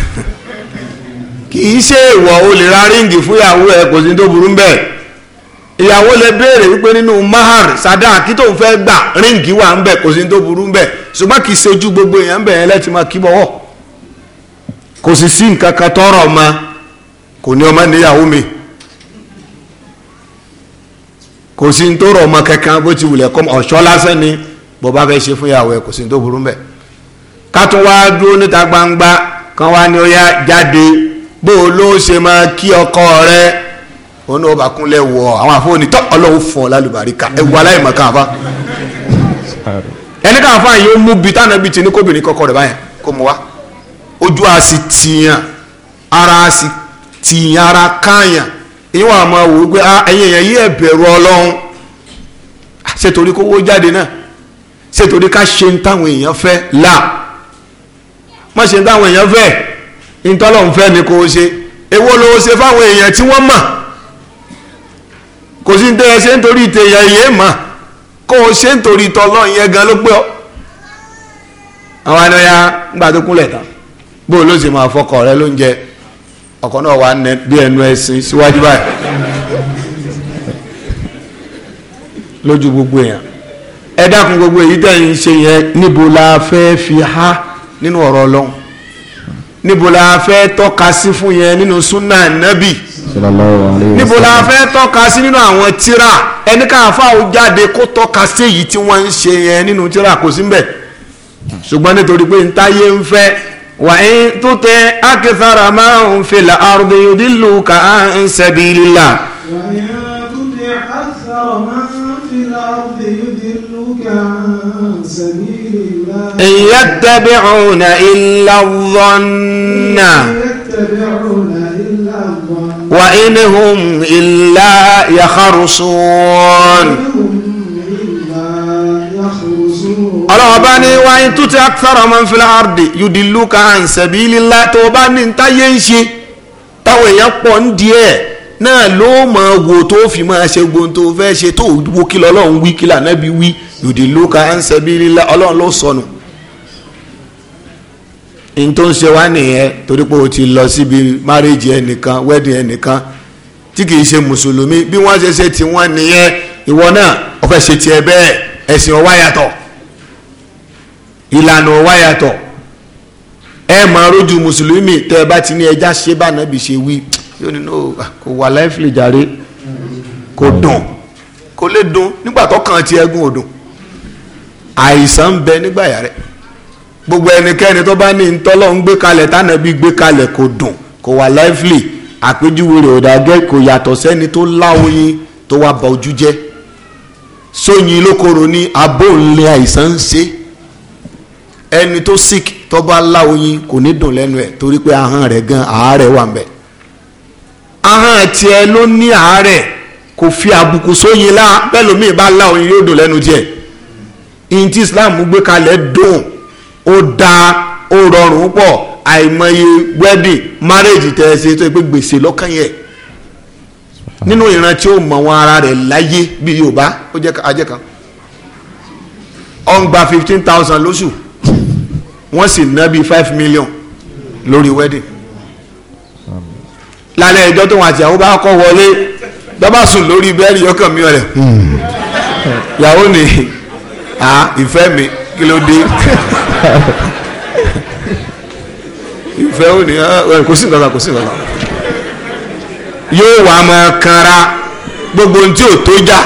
[laughs] kì í ṣe ìwọ olè ra ríǹgì fún ìyàwó ẹ kò sí tó burú bẹ́ẹ̀ ìyàwó lè béèrè wípé nínú mahar sadà kí tóun fẹ́ gbà ríǹgì wà ń bẹ̀ kò sí tó burú ń bẹ̀ ṣùgbọ́n kì í ṣe gbogbo èèyàn bẹ̀ yẹn lẹ́tì máa kí bọ́wọ́ kò sì sí nǹkan kan tọrọ ọmọ kò ní ọmọ níyàwó mi kò sí tó rọ ọmọ kankan bó ti wulẹ̀ kọ́ ọ̀ṣọ́ lásán ni bó bá fẹ́ ṣe fún ìyàwó ẹ̀ kò sí tó burú ń bẹ̀ ká tún wá dúró níta gbangba kan wá ní ó yá jáde bó o ló ṣe máa kí ọkọ rẹ̀ òun náà ó bá kúnlẹ̀ wọ àwọn àfọwọ́ni tó ọlọ́run fọ lálùbáríkà ẹ wọ aláìmọ̀ kan àfa ẹni káàfà yìí ó mú bi táwọn ibi tí ní kóbìnrin kọkọ rẹ báyẹn kó mu wá ojú a sì tìyàn ara a sì tìyàn ara káàyàn ìyẹn wàá máa wò ó pé ah, ẹ̀yin èèyàn yí ẹ̀bẹ̀rù ọlọ́run ah, ṣètòrí kówó jáde náà ṣètòrí ká ṣe ń táwọn èèyàn fẹ́ là má ṣe ń táwọn èèyàn fẹ́ ìtọ́lọ́hún fẹ́ ni kò ṣe èwo ló ṣe fáwọn èèyàn tí wọ́n mọ̀ kò sí ní tẹ́ ṣe nítorí mà kó o ṣe nítorí tọ́lọ́ ìyẹn gan ló pé ọ. àwọn ya ńgbà tó kúnlẹ̀ tán bó o ló máa fọkọ rẹ lóúnjẹ ọkọ náà wà bí ẹnu ẹsìn síwájú báyìí lójú gbogbo èèyàn ẹ dákun gbogbo èyí ṣe yẹn níbo fi há nínú ọ̀rọ̀ ọlọ́run níbo la fẹ́ tọ́ka fún yẹn nínú súnà nábì níbo la fẹ́ tọ́ka sí nínú àwọn tíra ẹni káfa ó jáde kó tọ́ka sí èyí tí wọ́n ń ṣe yẹn nínú tíra kò sí mbẹ̀ ṣùgbọ́n nítorí pé ń táyé ń fẹ́ wà ń tó tẹ akẹ́sára máa ń fèlà àrùbí òdìlù ká ń ṣẹ̀bi lílà. إن يتبعون إلا الظن وإن هم إلا يخرصون ọlọ́wọ́ bá ní wáyé tó ti akitara man fil ardi yudiluka an sabilillah tó bá ní ntáyé ń ṣe táwọn èèyàn pọ̀ ń díẹ̀ náà ló máa wo tó fi máa ṣe gbóhùn tó fẹ́ ṣe tó wo kí lọ́lọ́run wí kí lànà bí wí yudiluka an sabilillah ọlọ́run ló sọnù n tó ń ṣe wá nìyẹn torí pé o ti lọ síbi márèjì ẹnìkan wẹ́dìn ẹnìkan tí kì í ṣe mùsùlùmí bí wọ́n ṣe ṣe tiwọn nìyẹn ìwọ náà o fẹ́ ṣe tiẹ̀ bẹ́ẹ̀ ẹ̀sìn ọwá yàtọ̀ ìlànà ọwá yàtọ̀ ẹ máa rójú mùsùlùmí tẹ́ ẹ bá ti ní ẹja ṣe bá nàbì ṣe wí yóò ní kò wà láìfìlì jàre kò dùn kò lè dùn nígbà tó kàn ti ẹgún òdùn àìsàn ń bẹ nígbà yàrá gbogbo ẹnikẹ́ni tó bá ní ntọ́lọ́ ń gbé kalẹ̀ tánàbí gbé kalẹ̀ kò dùn kò wà lively àpèjúwe rẹ̀ ò kò yàtọ̀ sẹ́ni tó láwòyìn tó wá ba ojú jẹ́ sóyin lókoro ní abó ńlẹ̀ àìsàn ń ṣe ẹni tó sick tó bá láwòyìn kò ní dùn lẹ́nu ẹ̀ torí pé ahọ́n rẹ̀ gan àárẹ̀ wà ahọ́n tiẹ̀ ló ní àárẹ̀ kò fi àbùkù ó da, ó rọrùn pọ̀ àìmọye wedding marriage tẹ́ ẹ ṣe tó yẹ pé gbèsè lọ́kàn yẹn nínú ìran tí ó mọ wọn ara rẹ̀ láyé bí Yorùbá ó jẹ́ ajẹ́ kan ó ń gba fifteen thousand lóṣù wọ́n sì ná bíi five million lórí wedding lálẹ́ ẹjọ́ tó wọn àti àwọn bá kọ́ wọlé bábà sùn lórí bẹ́ẹ̀rì yọkàn mi ọ̀rẹ́ hmm. yàwó ni ìfẹ́ mi kí ló dé ìfẹ́ ò ní kò sí nǹkan kan kò sí nǹkan kan yóò wà máa kanra gbogbo ohun tí ò tó jà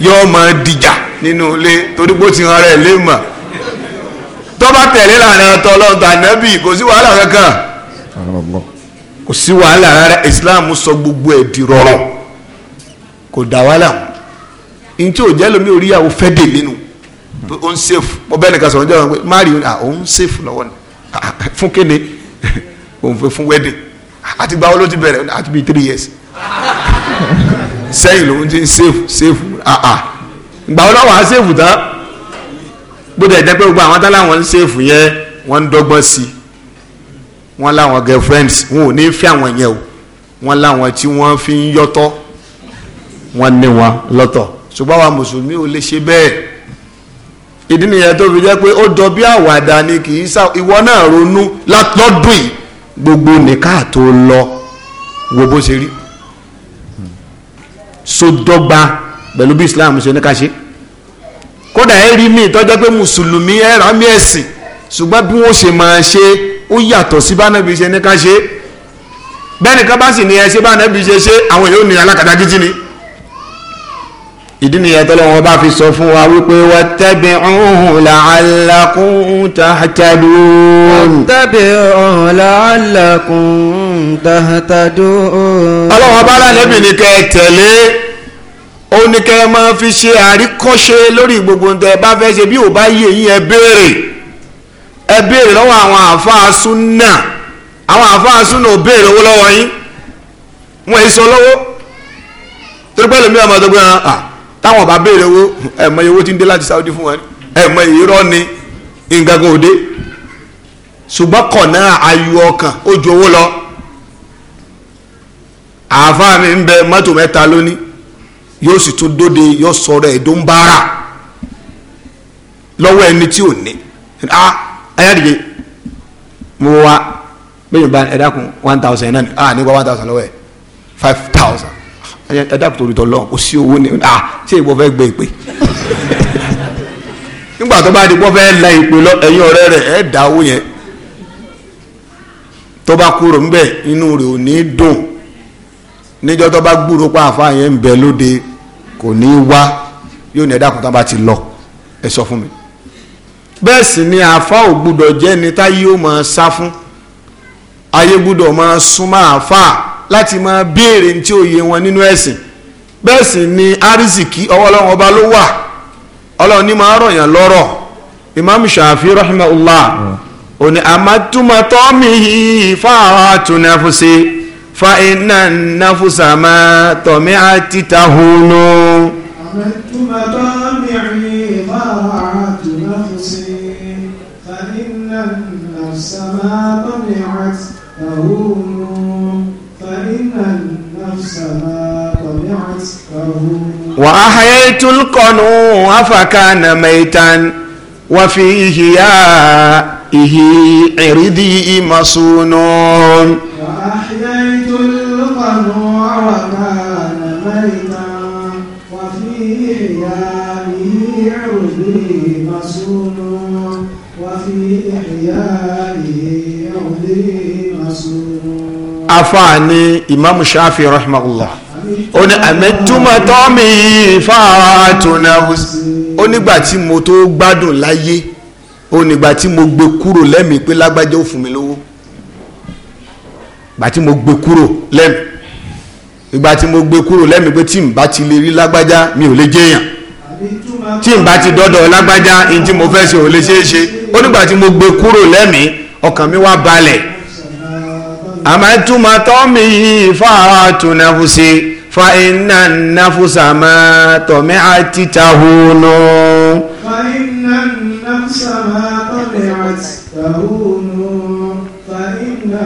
yóò máa dìjà nínú ilé torí bó ti hàn rẹ̀ lé mà tọ́ba tẹ̀lé lànà ọ̀tọ̀ ọlọ́ọ̀tà nẹ́bì kò sí wàhálà kankan kò sí wàhálà rárá Islam sọ gbogbo ẹ̀ di rọrùn kò dá wàhálà ntí ò jẹ́ lómi oríyàwó fẹ́ dè nínú ó safe. mo bẹ́ẹ̀ nìkan sọ̀rọ̀ jẹ́ wọn mari à ó ń sèfù lọ́wọ́ ni fún kéde [laughs] òun fẹ́ fún wedding àti gbàwo ló ti bẹ̀rẹ̀ àti bíi three years [laughs] sẹ́yìn lòun ti safe safe. Ah ah. gbàwo lọ́wọ́ à sèfù tán gbọ́dọ̀ ẹ̀jẹ̀ pé gbogbo àwọn tán láwọn ń sèfù yẹn wọ́n ń dọ́gbọ́n sí wọ́n láwọn girlfriends wọn ò ní fẹ́ àwọn yẹn o wọ́n láwọn tí wọ́n fi ń yọ́tọ̀ wọ́n ní wọn lọ́tọ̀ ṣùgbọ́n àwa mùsùlùmí ò lè ṣe bẹ́ẹ̀ ìdí nìyẹn tó fi jẹ́ pé ó jọ bí àwàdà ni kì í sá ìwọ náà ronú lọ́dún yìí gbogbo nìka tó lọ wo bó ṣe rí so dọ́gba pẹ̀lú bí Islam ṣe ní ká ṣe kódà ẹ rí mi tó jẹ́ pé mùsùlùmí ẹ rà mí ẹ̀sìn ṣùgbọ́n bí wọ́n ṣe máa ṣe ó yàtọ̀ sí bánàbí ṣe ní ká ṣe bẹ́ẹ̀ nìkan bá sì ní ẹ ṣe bánàbí ṣe ṣe àwọn èèyàn ò ní alákàdá gidi ni ìdí nìyẹn tọ́lọ́wọ́ bá fi sọ fún wa wípé wattabi'uhu la'allakum tahtadun. wattabi'uhu la'allakum tahtadun. ọlọ́wọ́ bá lálẹ́bì ní kẹ́ ẹ tẹ̀lé ó ní kẹ́ ẹ máa fi ṣe àríkọ́ṣe lórí gbogbo ń tẹ́ ẹ bá fẹ́ ṣe bí ò bá yé yín ẹ béèrè ẹ béèrè lọ́wọ́ àwọn àáfàá súnà àwọn àáfàá súnà ò béèrè owó lọ́wọ́ yín wọ́n èso lọ́wọ́ torí lómi àmọ́ tó gbé hàn án táwọn bá béèrè owó ẹ mọ iye owó tí ń dé láti Saudi fún wa ni ẹ mọ irọ́ ni nǹkan kan ò dé ṣùgbọ́n kọ̀nà ọkàn ó ju owó lọ àáfàá mi ń bẹ mọ́tò mẹ́ta lónìí yóò sì tún dóde yóò sọ̀rọ̀ ẹ̀dùn bára lọ́wọ́ ẹni tí ò ní ah ayádìgẹ mo wá bẹ́ẹ̀ bá ẹ̀dá kun one thousand náà ah ní wá one thousand lọ́wọ́ ẹ̀ five thousand ẹ dàpọ̀ torí tọ́ lọ́n kò sí owó ni ah ṣé ìwọ fẹ́ gbé ìpè [laughs] nígbà tó bá di pọ́ fẹ́ la ìpè lọ ẹ̀yin ọ̀rẹ́ rẹ̀ ẹ̀ dá owó yẹn tó bá kúrò ńbẹ̀ inú rẹ̀ ò ní dùn níjọ́ tó bá gbúrò pa àfa yẹn ń bẹ lóde kò ní wá yóò ní ẹ tán bá ti lọ ẹ sọ fún mi bẹ́ẹ̀ sì ni àfa ò gbúdọ̀ jẹ́ ni táyé ó máa sá fún ayé gbúdọ̀ máa súnmọ́ àfa láti máa béèrè tí ó yé wọn nínú ẹ̀sìn bẹ́ẹ̀ sì ni arísìkí ọwọ́ ọba ló wà ọlọ́run ní máa rọ̀yàn lọ́rọ̀ imam shafi rahimahullah òní àmàtúmọ̀tọ́ mi fáwọn àtúnáfúnṣe fa iná náfúnṣà máa tọ̀mí àti tahunu. àmàtúmọ̀tọ́ mi fáwọn fa iná tọ̀mí وأحييت القنوع فكان ميتا وفي إحيائه عردي مصون وأحييت القنوع وكان ميتا وفي إحيائه عردي مصون وفي إحيائه عردي مصون أفاني إمام الشافعي رحمه الله ó ní àmẹ́túmọ̀ tọ́mì fáàtúnáhùs ó nígbà tí mo tó gbádùn láyé ó nígbà tí mo gbé kúrò lẹ́mìí pé lágbájá ó fún mi lówó ìgbà tí mo gbé kúrò lẹ́mìí ìgbà tí mo gbé kúrò lẹ́mìí pé tí n bá ti lè rí lágbájá mi ò lè jẹ́yàn tí n bá ti dọ́dọ̀ lágbájá ní tí mo fẹ́ ṣe ò lè ṣeé ó nígbà tí mo gbé kúrò lẹ́mìí ọkàn mi wá balẹ̀ àmẹ́túmọ̀tọ́ mi fáàtún nàfùsí fa iná nàfùsà máa tọ̀mí àti tahùnù. fa iná nàfùsà máa tọ̀mí àti tahùnù fa iná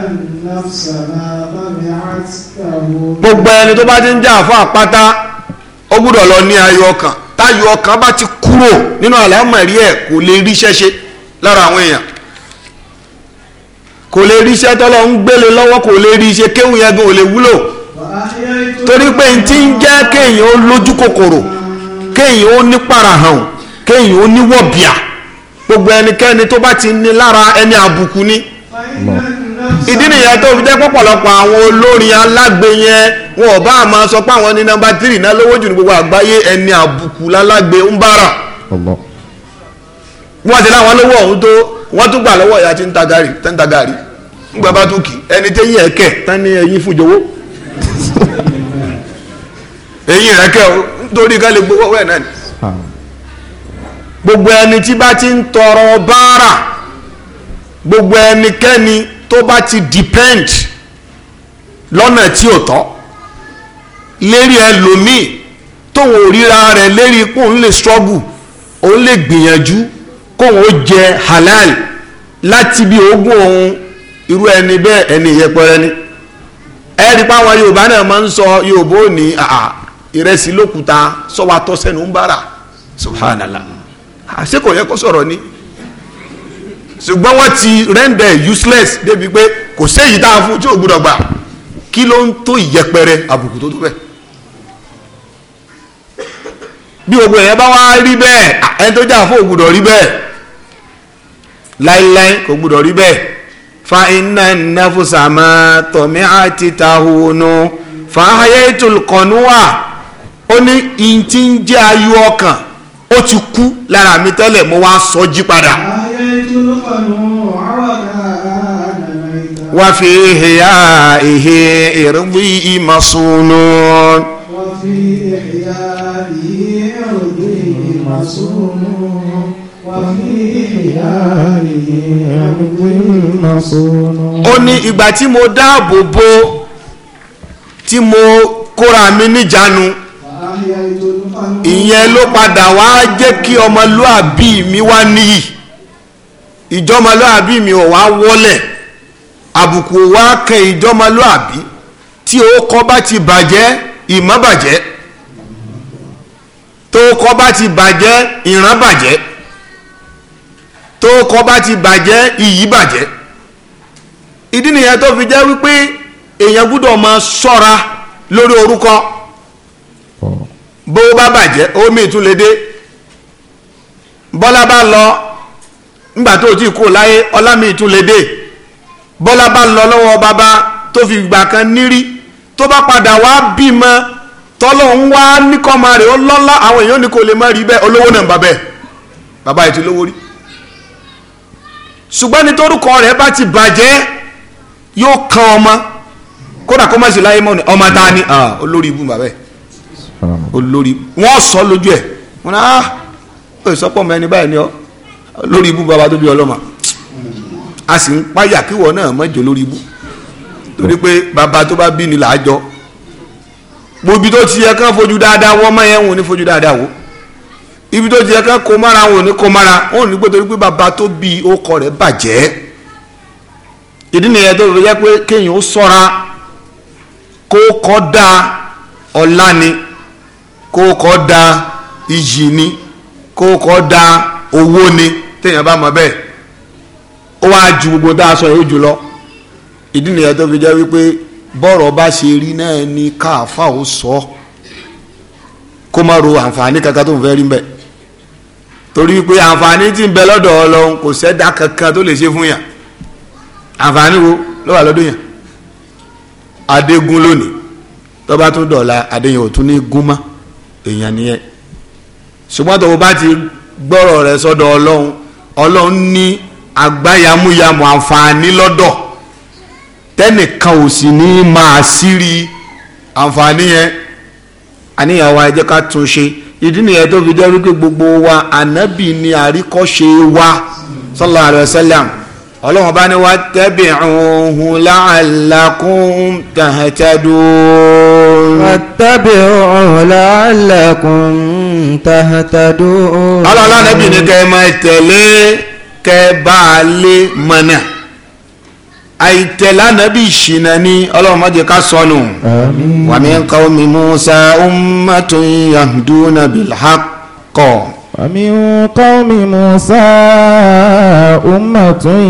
nàfùsà máa tọ̀mí àti tahùnù. gbogbo ẹni tó bá ti ń jà fún àpáta ó gbúdọ̀ lọ ní ayọ̀ ọkàn táyọ̀ ọkàn bá ti kúrò nínú àlámọ̀rí ẹ̀ kò lè rí ṣẹ́ṣe lára àwọn èèyàn kò lè rí iṣẹ́ tọ́lọ ń gbélé lọ́wọ́ kò lè rí iṣẹ́ kéwù yẹn gan ò lè wúlò torí pé n ti ń jẹ́ kéèyàn ó lójú kòkòrò kéèyàn ó ní parahàn kéèyàn ó gbogbo ẹnikẹ́ni tó bá ti ní lára ẹni àbùkù ni ìdí nìyẹn tó fi jẹ́ pọ̀pọ̀lọpọ̀ àwọn olórin alágbe yẹn wọn ò bá a máa sọ pé àwọn ní ẹni àbùkù lálágbe ń wọ́n tún gbà lọ́wọ́ ìyá tí ń ta gàrí tẹ́ ń ta gàrí ńgbà bá tún kì ẹni tẹ́ yín ẹ̀kẹ́ tán ní ẹ̀yìn fún jọ̀wọ́ ẹ̀yìn ẹ̀kẹ́ o nítorí ká lè gbowó ẹ̀ náà ni gbogbo ẹni tí bá ti ń tọrọ báárà gbogbo ẹnikẹ́ni tó bá ti depend lọ́nà tí ò tọ́ lérí ẹlòmíì tóun ò ríra rẹ̀ lérí kóun lè struggle òun lè gbìyànjú kóun ó jẹ halal láti bí ogún òun irú ẹni bẹ́ẹ̀ ẹni ìyẹpẹrẹ ni ẹ̀rí páwọn yorùbá náà máa ń sọ yorùbá ò ní ìrẹsì lókùúta sọ́wọ́ atọ́sẹ́nu ń bára subhanallah àṣé kò yẹ kó sọ̀rọ̀ ni ṣùgbọ́n wọ́n ti render useless débi pé kò séyìí tá a fún tí ò gbúdọ̀ gbà kí ló ń tó ìyẹpẹrẹ àbùkù tó tó bẹ́ẹ̀ bí gbogbo èèyàn bá wá rí bẹ́ẹ̀ ẹni tó jà fún ògbúdọ̀ rí bẹ́ẹ̀ láíláí kò gbúdọ̀ rí bẹ́ẹ̀ fa iná náfúsàmọ́ tọ̀mí àti tahunu fàáyé tolkọ̀nùwà ó ní in ti ń jẹ́ ayú ọkàn ó ti kú lára mi tẹ́lẹ̀ mo wá sọ jí padà. wà fi ìhìyà ìhì ìrìnbí ìmọ̀sùn náà. وفي إحيائه عرضه مصون وفي إحيائه عرضه مصون ó ní ìgbà tí mo dáàbò bo tí mo kóra mi níjàánu ìyẹn ló padà wá jẹ́ kí ọmọlúàbí mi wá níyì ìjọmọlúàbí mi ò wá wọlẹ̀ àbùkù wá kan ìjọmọlúàbí tí ó kọ́ bá ti bàjẹ́ ìmọ̀ bàjẹ́ tó kọ́ bá ti bàjẹ́ ìran bàjẹ́ tó kọ́ bá ti bàjẹ́ iyì bàjẹ́ ìdí nìyẹn tó fi jẹ́ wípé èèyàn gbúdọ̀ máa ṣọ́ra lórí orúkọ bó bá bàjẹ́ omi ìtúlédé bọ́lá bá lọ ńgbà tó ti kú láyé ọlámi ìtúlédé bọ́lá bá lọ lọ́wọ́ bàbá tó fi gbà kan nírí tó bá padà wá bímọ tọ́lọ̀ ń wá níkọ́mọ rẹ̀ ó lọ́lá àwọn èèyàn ní kò lè má rí bẹ́ẹ̀ olówó náà bàbẹ́ bàbá ètò olówó rí ṣùgbọ́n ní torúkọ rẹ̀ bá ti bàjẹ́ yóò kan ọmọ kódà kó má sí láyé mọ́ ni ọmọ ta ni ah, olórí ibú bàbẹ́ olórí wọ́n sọ lójú ẹ̀ wọ́n á ah, ó sọ pọ̀ mẹ́ni báyìí ni ọ olórí ibú bàbá tó bí ọlọ́mọ a sì ń páyà kíwọ náà mọ́jọ lórí ibú torí pé bàbá tó bá bí ni làájọ gbogbo tó ti yẹ ká fojú dáadáa wọ́n máa yẹn wò ní fojú dáadáa wò ibi tó ti yẹ ká kó mára wò ní kó mára wọn ò ní pé torí pé bàbá tó bí ọkọ rẹ̀ bàjẹ́ ìdí nìyẹn tó fi yẹ pé kéèyàn ó sọ́ra kó kọ́ da ọlá ni kó kọ́ da iyì ni kó kọ́ da owó ni téèyàn bá mọ̀ bẹ́ẹ̀ ó wáá ju gbogbo dáa sọ yìí jù lọ ìdí nìyẹn tó fi jẹ́ wípé bọ́rọ̀ bá ṣe rí náà ni káàfà ó sọ kó má ro àǹfààní kankan tó ń fẹ́ rí mbẹ́ torí pé àǹfààní tí ń bẹ lọ́dọ̀ Ọlọ́run kò sẹ́dá kankan tó lè ṣe fún yàn àǹfààní wo ló wà lọ́dọ̀ yàn adégún lónìí tọ́ba tó dọ̀la adéyàn ò tún ní gún mọ́ èèyàn nìyẹn ṣùgbọ́n tó o bá ti gbọ́rọ̀ rẹ sọ́dọ̀ Ọlọ́run Ọlọ́run ní agbáyàmúyàmù àǹfààní lọ́dọ̀ tẹ́nìkan ò sì ní máa sírí àǹfààní yẹn àníyàn wa ẹ jẹ́ ká tún ṣe ìdí nìyẹn tó fi jẹ́ wípé gbogbo wa ànábì ni àríkọ́ṣe wa sallallahu alaihi wasallam ọlọ́run bá ní wattabi'uhu la'allakum tahtadun. wattabi'uhu la'allakum tahtadun. ọlọ́run ànábì ni kẹ́ ẹ máa tẹ̀lé kẹ́ bá a lé mọ́nà àìtẹ̀lá nàbí ìṣìnà ní ọlọ́run má jẹ́ ká sọnù wa min qawmi Musa ummatun yahduna bil haqq wa min qawmi Musa ummatun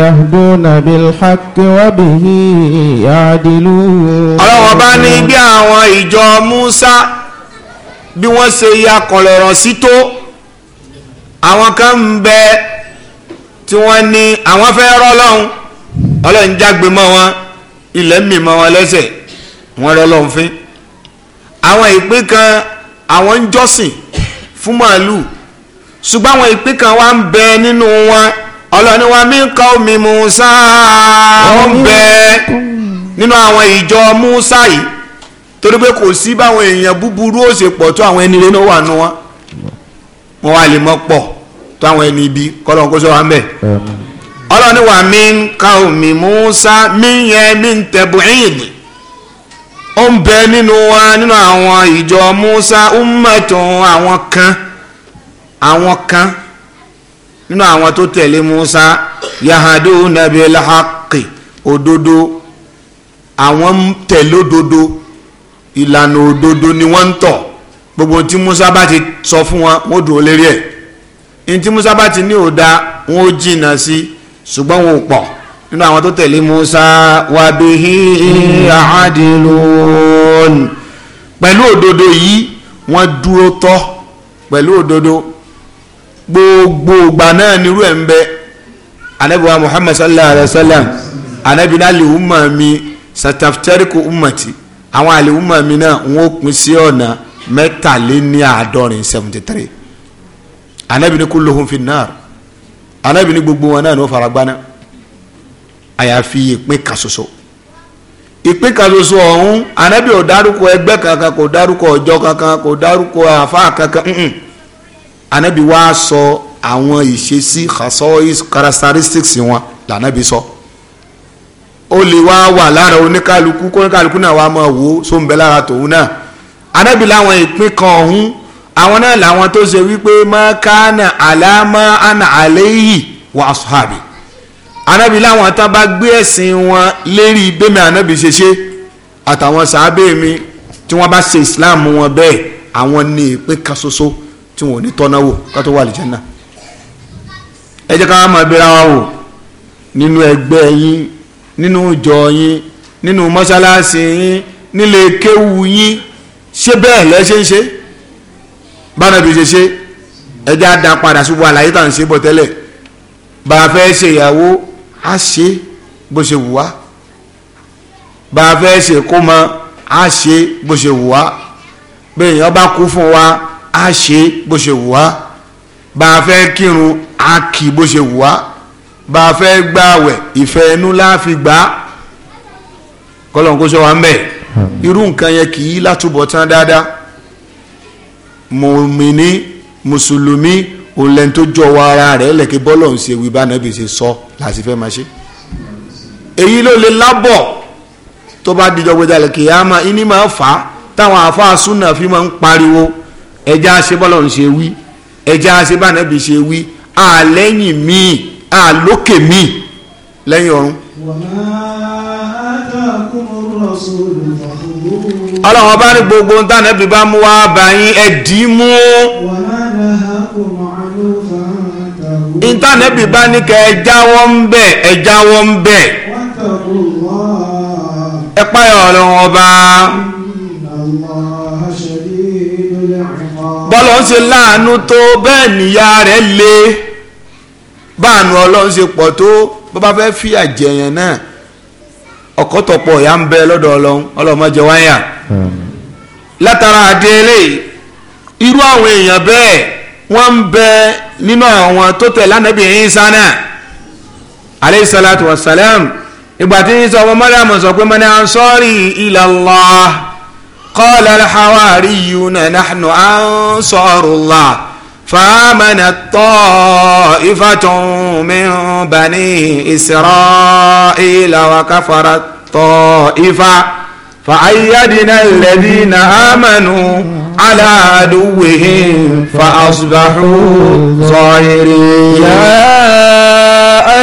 yahduna bil haqq wa bihi ya'dilun. ọlọ́wọ́n bá ní bí àwọn ìjọ Musa bí wọ́n ṣe ya kọ̀lọ̀rọ̀ sí tó àwọn kan ń bẹ tí wọ́n ní àwọn fẹ́ rọ́ lọ́hùn ọlọ́run jágbe mọ́ wọn ilẹ̀ ń mì mọ́ wọn lẹ́sẹ̀ wọ́n rọ́ lọ́n fín àwọn ìpín kan àwọn ń jọ́sìn fún màálù ṣùgbọ́n àwọn ìpín kan wá ń bẹ nínú wọn ọlọ́ni wa mi kọ́ omi Musa ó ń bẹ nínú àwọn ìjọ Musa yìí torí pé kò sí báwọn èèyàn búburú ó ṣe pọ̀ tó àwọn ẹni lẹ́nu wà nù wọn wọn wà lè mọ́ pọ̀ tó àwọn ẹni ibi kọ́lọ́n kó sọ wá ń bẹ̀ ọlọ́ni wà mí ń ka omi Musa mí yẹn mí ń tẹ̀bù ìdì ó ń bẹ nínú wa nínú àwọn ìjọ Musa ummatun àwọn kan àwọn kan nínú àwọn tó tẹ̀lé Musa yahadu nabil haqqi òdodo àwọn ń tẹ̀lé òdodo ìlànà òdodo ni wọ́n ń tọ̀ gbogbo tí Musa bá ti sọ fún wọn wọ́n dùn ó lérí ẹ̀ ní Musa bá ti ní òda wọn ó jìnnà sí i ṣùgbọ́n wọn ò pọ̀ nínú àwọn tó tẹ̀lé Musa wà bihi àádìlún pẹ̀lú òdodo yìí wọ́n dúró tọ́ pẹ̀lú òdodo gbogbo ìgbà náà nírú ẹ̀ ń bẹ anabi wa Muhammad sallallahu alayhi wa sallam anabi náà lè umma mi sataftariku ummati àwọn àlè umma mi náà wọ́n pín sí ọ̀nà mẹ́tàléníàádọ́rin seventy three anabi ní fi nnar anábì ní gbogbo wọn náà ní ó fara gbaná àyàfi ìpín kan ṣoṣo ìpín kan ṣoṣo ọ̀hún anábì ò dárúkọ ẹgbẹ́ kankan kò dárúkọ ọjọ́ kankan kò dárúkọ àáfàá kankan anábì wá sọ àwọn ìṣesí khasois characteristics wọn lànàbì sọ ó lè wá wà lára oníkálukú kóníkálukú náà wà máa wò ó sóńbẹ́ lára tòun náà anábì láwọn ìpín kan ọ̀hún àwọn náà làwọn tó ṣe wípé ma kana ala ma ana alayhi wa ashabi anabi láwọn tán bá gbé ẹ̀sìn wọn lérí bẹ́mi anabi ṣe ṣe àtàwọn sàábẹ́ mi tí wọ́n bá ṣe islam wọn bẹ́ẹ̀ àwọn ní ìpín kan ṣoṣo tí wọn ò ní tọ́ná wò ká tó wà lìjẹ́ náà ẹ jẹ́ ká wọ́n máa bẹ̀rẹ̀ wọn wò nínú ẹgbẹ́ yín nínú ìjọ yín nínú mọ́ṣáláṣí yín nílé kéwù yín ṣé bẹ́ẹ̀ lẹ́ ṣe ń ṣe báwọn ẹbí ṣe ṣe ẹjẹ á da padà ṣùgbọ́n àlàyé tá à ń ṣe bọ̀ tẹ́lẹ̀ bá a fẹ́ ṣe ìyàwó á ṣe bó ṣe wù wá bá a fẹ́ ṣe kó mọ á ṣe bó ṣe wù wá bí èèyàn bá kú fún wa á ṣe bó ṣe wù wá bá a fẹ́ kírun á kì bó ṣe wù wá bá a fẹ́ gbààwẹ̀ ìfẹ́ inú la fi gbà á kọ́lọ̀ ń ń bẹ̀ hmm. irú nǹkan yẹn kì í látúbọ̀ tán dáadáa mùmíní mùsùlùmí òǹlẹ̀ tó jọwọ́ ara rẹ̀ lẹ́kẹ́ bọ́lọ̀ ń ṣe wíwá náà bí ṣe sọ láti fẹ́ máa ṣe èyí ló lè lábọ̀ tó bá dijọ́ gbẹdàlẹ̀ kìyàmá iní máa fà á táwọn àáfàá súnà fi máa ń pariwo ẹja ṣe bọ́lọ̀ ń ṣe wí ẹja ṣe bá náà bí ṣe wí àlẹ́yìn míì àlókè míì lẹ́yìn ọ̀run. wàhálà àtàkùn rọ̀ṣọ̀lù fàkùrù ọlọ́run ọba ní gbogbo ń tàn ẹ́bí bá mú wá báyìí ẹ̀dí mú ìtànẹ́bì bá ní kẹ ẹjáwọ́ ń bẹ̀ ẹjáwọ́ ń bẹ̀ ẹ páyà ọlọ́run ọba bọ́lọ̀ ń ṣe láàánú tó bẹ́ẹ̀ níyà rẹ̀ le báànú ọlọ́run ṣe pọ̀ tó bó bá fẹ́ fìyà jẹ̀yàn náà ọ̀kọ́tọ̀pọ̀ ìyá ń bẹ lọ́dọ̀ ọlọ́run ọlọ́mọdé wáyà látara àdéhélé irú àwọn èèyàn bẹ́ẹ̀ wọ́n ń bẹ nínú àwọn tó tẹ̀ lánàbí Ìsá náà aleyhi salatu wa salam ìgbà tí Ìsá ọmọ Maryam sọ pé man ansari ila Allah qala al-hawariyuna nahnu ansarullah. فآمنت طائفة من بني إسرائيل وكفرت طائفة فأيدنا الذين آمنوا على عدوهم فأصبحوا ظاهرين يا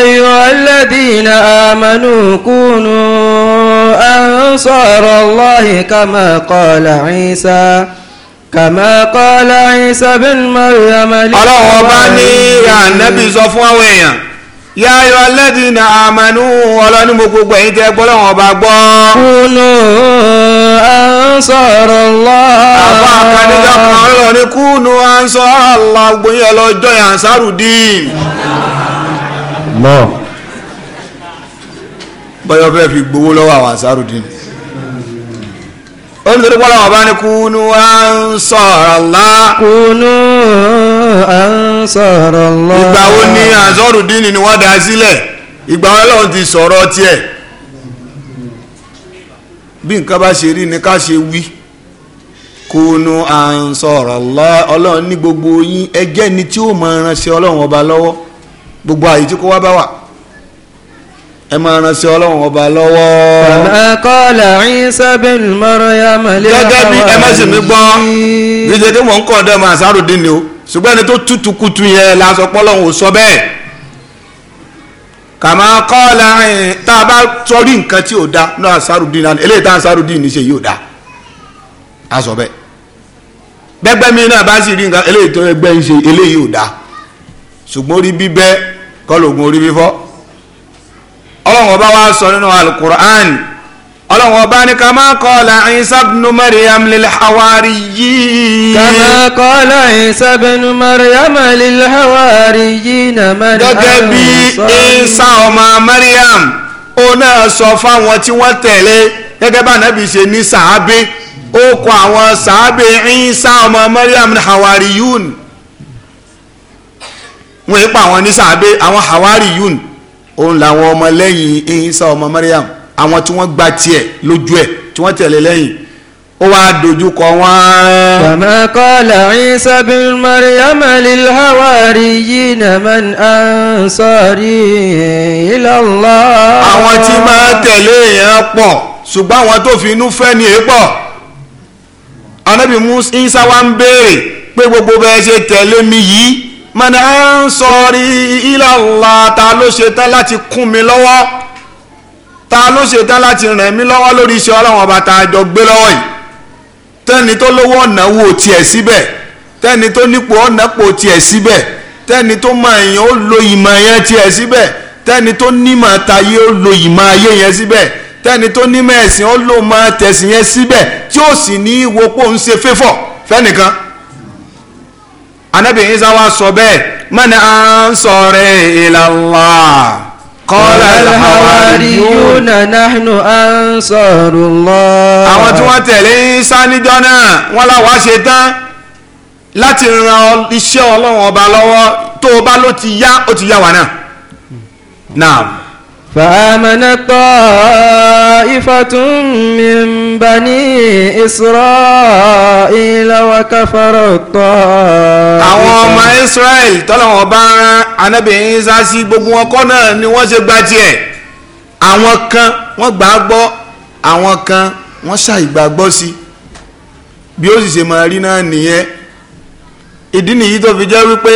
أيها الذين آمنوا كونوا أنصار الله كما قال عيسى kàmá kọ́lá Isa bin Maryam ọlọ́run ọba ní ànábì sọ fún àwọn èèyàn yá ayọ̀ alladhina amanu ọlọ́ni mo gbogbo ẹ̀yin tẹ́ gbọ́ lọ́wọ́n ọba gbọ́. kúnú ansar Allah. àbá àkànníjà kan ọlọ́run ní kúnú ansar Allah gbóyè ọlọ́jọ́ yẹn ansarudin. bọ́yọ̀ fẹ́ fi gbowó lọ́wọ́ àwọn ansarudin ó ń torí pọ́n lọ́wọ́ bá ní kúnú ansarallah. kúnú ansarallah. ìgbà wo ni ansarudini ni wọ́n dá sílẹ̀ ìgbà wo lọ́wọ́ ti sọ̀rọ̀ tiẹ̀ bí nǹkan bá ṣe rí ni ká ṣe wí kúnú ansarallah ọlọ́run ní gbogbo yín ẹgẹ́ ni tí ó máa ránṣẹ́ ọlọ́run ọba lọ́wọ́ gbogbo àyè tí kò wá bá wà ẹ máa ran sí ọlọ́run ọba lọ́wọ́. bàbá kọ́lá Isa bin Maryam lè wà wá. gẹ́gẹ́ bí ẹ má sì mí gbọ́n gbèsè tí mò ń kọ́ ọ̀dọ́ máa sáró dín ni o ṣùgbọ́n ẹni tó tutù kutu yẹn lásán pọ́lọ́run ò sọ bẹ́ẹ̀. kàmá kọ́lá tá a bá sọrí nǹkan tí ò da náà sáró dín náà eléyìí tá a dín ní ṣe yóò da a sọ bẹ́ẹ̀. gbẹgbẹ́ mi náà bá ọlọ́run ọba wa sọ nínú alukur'an ọlọ́run ọba ní kama qala Isa ibn Maryam lil hawariyyin. kama qala Isa ibn Maryam lil hawariyyin man ansari. gẹ́gẹ́ bí Isa ọmọ Maryam ó náà sọ fáwọn tí wọ́n tẹ̀lé gẹ́gẹ́ bá nàbì ṣe ní sàábé ó kọ àwọn sàábé Isa ọmọ Maryam ní hawariyun wọ́n yí pa àwọn ní sàábé àwọn hawariyun òun làwọn ọmọ lẹ́yìn Isa ọmọ Mariam àwọn tí wọ́n gba tiẹ̀ lójú ẹ̀ tí wọ́n tẹ̀lé lẹ́yìn ó wá dojú kọ wọn. kama qala Isa bin Maryam lil hawariyina man ansari ila Allah. àwọn tí máa tẹ̀lé èèyàn pọ̀ ṣùgbọ́n àwọn tó fi inú fẹ́ ni èèpọ̀ anabi Musa wa ń béèrè pé gbogbo bẹ́ẹ̀ ṣe tẹ̀lé mi yìí man ansori ila Allah ta ló ṣe tán láti kún mi lọ́wọ́ ta ló ṣe tán láti ràn mí lọ́wọ́ lórí iṣẹ́ ọlọ́run ọba tá a jọ gbé lọ́wọ́ yìí tẹ́ni tó lówó ọ̀nà wo tiẹ̀ síbẹ̀ tẹ́ni tó nípò ọ̀nà pò tiẹ̀ síbẹ̀ tẹ́ni tó mọ èèyàn ó lo ìmọ̀ yẹn tiẹ̀ síbẹ̀ tẹ́ni tó nímọ̀ tayé ó lo ìmọ̀ ayé yẹn síbẹ̀ tẹ́ni tó nímọ̀ ẹ̀sìn ó lo ìmọ̀ tẹ̀sìn yẹn síbẹ̀ tí ó sì ní wo pò ń ṣe fẹ́fọ̀ fẹ́nìkan anabi isa wa sọ bẹ́ẹ̀ man ansori ila Allah qala al-hawariyuna nahnu ansarullah. àwọn tí wọ́n tẹ̀lé isa níjọ́ náà wọ́n láwa ṣe tán láti ran iṣẹ́ ọlọ́run ọba lọ́wọ́ tó o bá ló ti yá ó ti yá wa náà. naam. فآمن طائفة من بني إسرائيل وكفر الطائفة àwọn ọmọ Israel tọ́lọ́wọ́n bá rán anábì Ìsá sí gbogbo wọn kọ́ náà ni wọ́n ṣe gba tiẹ̀ àwọn kan wọ́n gbà á gbọ́ àwọn kan wọ́n ṣàìgbàgbọ́ sí bí ó sì ṣe máa rí náà nìyẹn ìdí nìyí tó fi jẹ́ wípé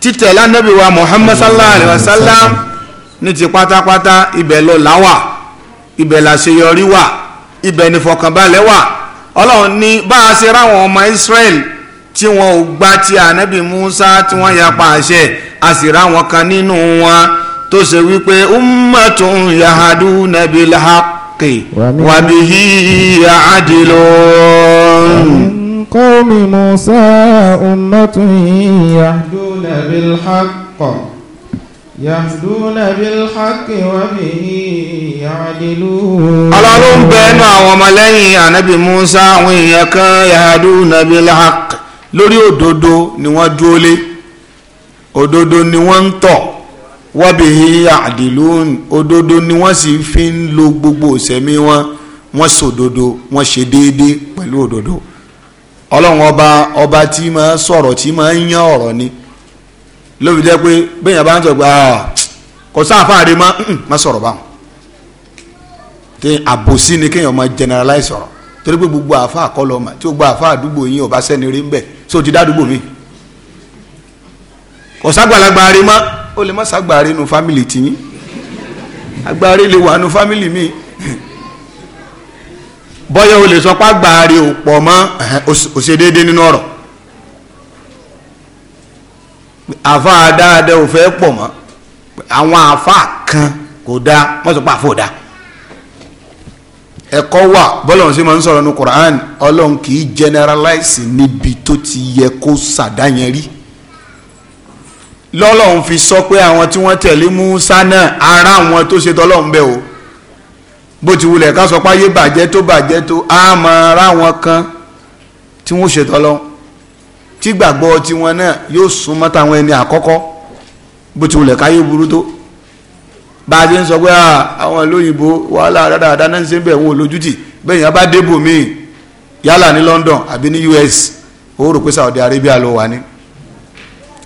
títẹ̀lé anábì wa Muhammad sallallahu alayhi wa sallam ní ti pátápátá ibẹ̀ lọ́lá wà ibẹ̀ làṣeyọrí wà ibẹ̀ nífọ̀kànbalẹ̀ wà ọlọ́run ní bá a ṣe ráwọn ọmọ Israel tí wọn ò gba ti ànábì Musa tí wọ́n yapa àṣẹ a sì ráwọn kan nínú wọn tó ṣe wípé ummatun yahaduna bil haqqi wa bihi قوم موسى أمة يهدون بالحق يمدون بالحق وبه يعدلون ọlọ́run ń bẹ nínú àwọn ọmọlẹ́yìn ànábì Musa àwọn èèyàn kan يهدون بالحق lórí òdodo ni wọ́n dúró lé òdodo ni wọ́n ń tọ̀ وبه يعدلون òdodo ni wọ́n sì fi ń lo gbogbo ìṣẹ̀mí wọn wọ́n sòdodo wọ́n ṣe déédéé pẹ̀lú òdodo ọlọ́run ọba ọba tí máa sọ̀rọ̀ tí máa ń yán ni ló fi jẹ́ pé bẹ́yìn bá ń sọ pé ah, kò sáfàárẹ̀ mọ́ má sọ̀rọ̀ báwọn tí àbòsí ni kéèyàn máa generalize sọ̀rọ̀ torí pé gbogbo àfa àkọlọ ọmọ tí ó gba àfa àdúgbò yín ọba sẹ́ni rí ń bẹ̀ só ti dádúgbò mi kò ságbàlagbà rí mọ́ ó lè má ságbà rí nu fámìlì tìyín agbárí lè wà nu fámìlì mi bọ́yọ̀ o lè sọ pé àgbà rí ò pọ̀ mọ́ ó ṣe déédéé nínú ọ̀rọ̀ àfa dáadáa ò fẹ́ pọ̀ mọ́ àwọn àfa kan kò dáa wọ́n sọ pé àfọ̀ dáa ẹ̀kọ́ wà bọ́lọ̀hún sí máa ń sọ̀rọ̀ ní Quran ọlọ́run kì í generalize níbi tó ti yẹ kó sàdáyẹn rí lọ́lọ́run fi sọ pé àwọn tí wọ́n tẹ̀lé Musa náà ara àwọn tó ṣe tọ́lọ́run bẹ́ẹ̀ o bó ti wulẹ̀ ká sọ pé ayé bàjẹ́ tó bàjẹ́ tó á máa àwọn kan tí wọ́n ṣe tọ́lọ́run tí gbàgbọ́ tiwọn náà yóò súnmọ́ táwọn ẹni àkọ́kọ́ bó ti wùlẹ̀ káyé burú tó bá a ti ń sọ pé ah, àwọn olóyìnbó wàhálà dáadáa náà ń ṣe bẹ̀ wọn lójútì bẹ́ẹ̀ yẹn bá débò míì yálà ní London àbí ní US ó rò pé Saudi Arabia ló wà ní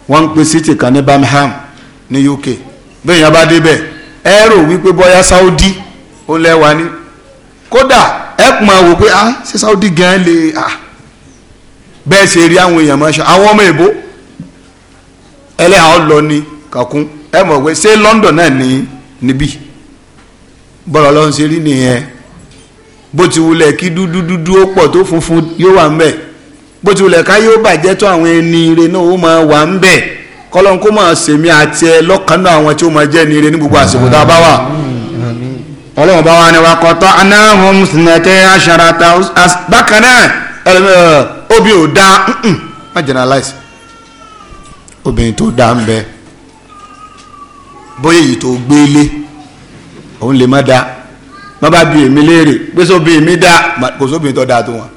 wọ́n ń pe city kan ní Birmingham ní UK bẹ́ẹ̀ yẹn bá débẹ̀ ẹ rò wípé bóyá Saudi ó lẹ́wà ní kódà ẹ kùn máa pé ah, ṣé Saudi gan-an lè ah, bẹ́ẹ̀ ṣe rí àwọn èèyàn máa ṣe àwọn ọmọ èbó ẹlẹ́hà ọ lọ ní kàkún ẹ mọ̀ pé ṣé London náà ní níbí bọ́lá ọlọ́run ṣe rí nìyẹn bó ti wulẹ̀ kí dúdú dúdú ó pọ̀ tó funfun yóò wà ń bẹ̀ bó ti wulẹ̀ ká yóò bàjẹ́ tó àwọn ẹni ire náà ó máa wà ń bẹ̀ kọ́lọ́n kó máa ṣèmi àti ẹ lọ́kànnà àwọn tí ó máa jẹ́ ni ire ní gbogbo àsìkò tá a bá wà ọlọ́run bá wà ní wakọ̀tọ́ anáhùn bákan náà obi ò da má generalize obìnrin tó da ń bẹ bóyá èyí tó gbélé òun lè má da má bá bi èmi léèrè pé sóbìnrin mi da kò sóbìnrin tó da tó wọn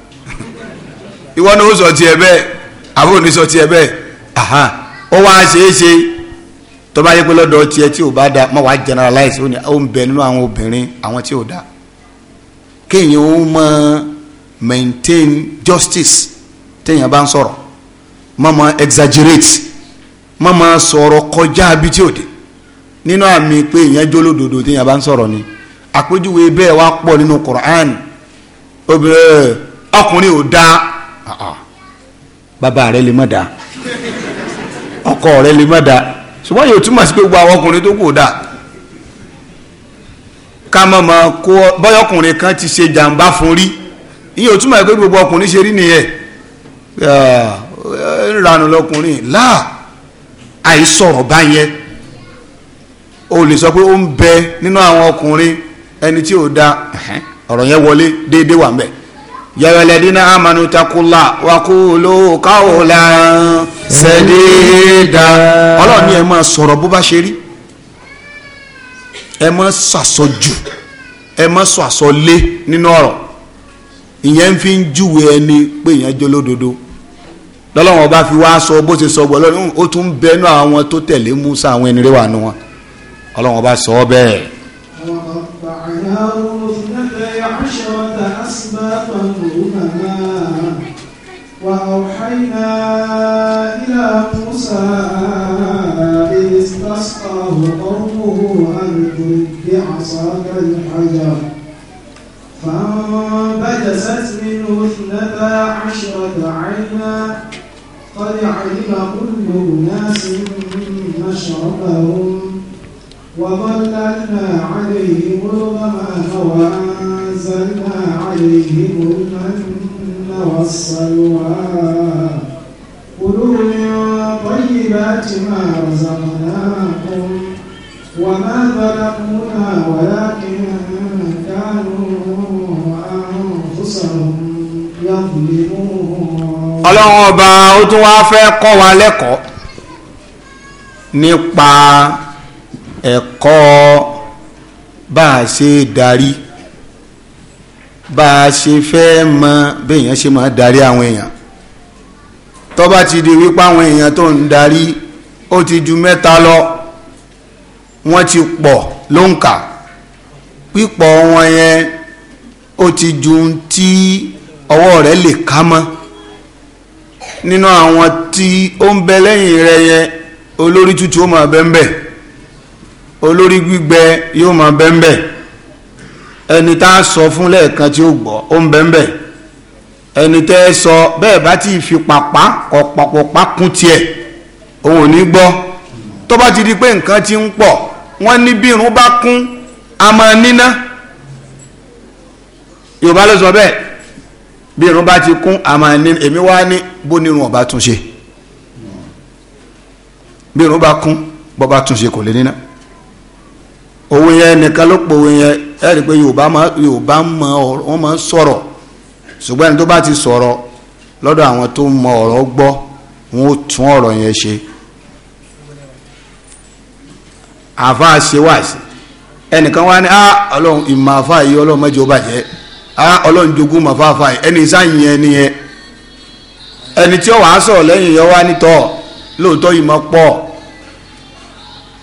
[laughs] ìwọ ni ó sọ tiẹ̀ bẹ́ẹ̀ àbúrò ní sọ tiẹ̀ bẹ́ẹ̀ ó wá ṣeé ṣe yẹ pé lọ́dọ̀ tiẹ̀ tí ò bá da má wàá generalize ó ní ó ń bẹ nínú àwọn obìnrin àwọn tí ò da kéèyàn ó máa maintain justice téèyàn bá ń sọ̀rọ̀ má máa má máa kọjá bí tí ò dé nínú àmì pé èèyàn jólódodo téèyàn bá sọ̀rọ̀ ni àpèjúwe bẹ́ẹ̀ wá pọ̀ nínú Quran obìnrin ọkùnrin ò dáa bàbá rẹ ọkọ rẹ lè má ṣùgbọ́n yóò túmọ̀ sí pé ọkùnrin tó kù ká ṣe jàǹbá fún rí túmọ̀ sí pé gbogbo ọkùnrin ńlanu eh, eh, lọkùnrin láà àìsọ̀rọ̀ bá yẹn o lè sọ pé ó ń bẹ nínú àwọn ọkùnrin ẹni tí ò da ọ̀rọ̀ yẹn wọlé déédéé wà ń bẹ̀ yọ̀rọ̀lẹ́dínà amanu takula wakulu kawula sẹ́dídà ọlọ́ọ̀ni ẹ máa sọ̀rọ̀ bó bá ṣe rí ẹ máa sàsọjù ẹ máa sọ àsọlé nínú ọ̀rọ̀ ìyẹn fi ń júwe ẹni pé ìyẹn jólódodo lọ́lọ́run ọba fi wá sọ bó ṣe sọ bọ̀ lọ́run ó tún bẹnu àwọn tó tẹ̀lé Musa àwọn ẹni rẹwà nu wọn ọlọ́run ọba sọ bẹ́ẹ̀. وأوحينا إلى موسى إذ استسقاه قومه أن اضرب بعصاك الحجر فانبجست منه اثنتا عشرة عينا قد علم كل أناس مشربهم وظللنا عليهم الغمام وأنزلنا عليهم المن والسلوى كلوا من طيبات ما رزقناكم وما ظلمونا ولكن كانوا أنفسهم يظلمون ó tún wá fẹ́ kọ́ wa lẹ́kọ̀ọ́ nípa ẹ̀kọ́ bá a ṣe darí bá a ṣe fẹ́ mọ béèyàn ṣe máa darí àwọn èèyàn tó bá ti di wípé àwọn èèyàn tó ń darí ó ti ju mẹ́ta lọ wọ́n ti pọ̀ ló ń kà pípọ̀ wọn yẹn ó ti ju tí ọwọ́ rẹ̀ lè ká mọ́ nínú àwọn tí ó ń bẹ lẹ́yìn rẹ̀ yẹn olórí tútù ó máa bẹ́ńbẹ̀ olórí gbígbẹ yóò máa bẹ́ńbẹ̀ ẹni tá a sọ fún lẹ́ẹ̀kan tí ó gbọ́ ó ń bẹ́ńbẹ̀ ẹni tẹ́ ẹ sọ bẹ́ẹ̀ bá ti fi pàpà ọ̀pọ̀pọ̀pá kún tiẹ̀ òun ò ní gbọ́ tó bá ti di pé nǹkan ti ń pọ̀ wọ́n ní bí irun bá kún a máa níná yorùbá ló sọ bẹ́ẹ̀ bí irun bá ti kún àmà ní èmi wá ní bó ní irun ọba tún ṣe bí irun bá kún bọba tún ṣe kò lè níná òwe yẹn nìkan ló pòwe yẹn ẹ rí i pé yorùbá máa yorùbá máa wọn máa ń sọ̀rọ̀ ṣùgbọ́n ẹni tó bá ti sọ̀rọ̀ lọ́dọ̀ àwọn tó mọ ọ̀rọ̀ gbọ́ wọn ó tún ọ̀rọ̀ yẹn ṣe àfa ṣe wáàsí ẹnìkan wá ní ah ọlọ́run ìmọ̀ àfa yìí ọlọ́run mẹ́jọ bàjẹ́ ah ọlọ́run jogún yìí ẹni ni yẹn ẹni tí ó wàá sọ̀rọ̀ lẹ́yìn yọ wá nítọ̀ lóòótọ́ yìí mọ́ pọ̀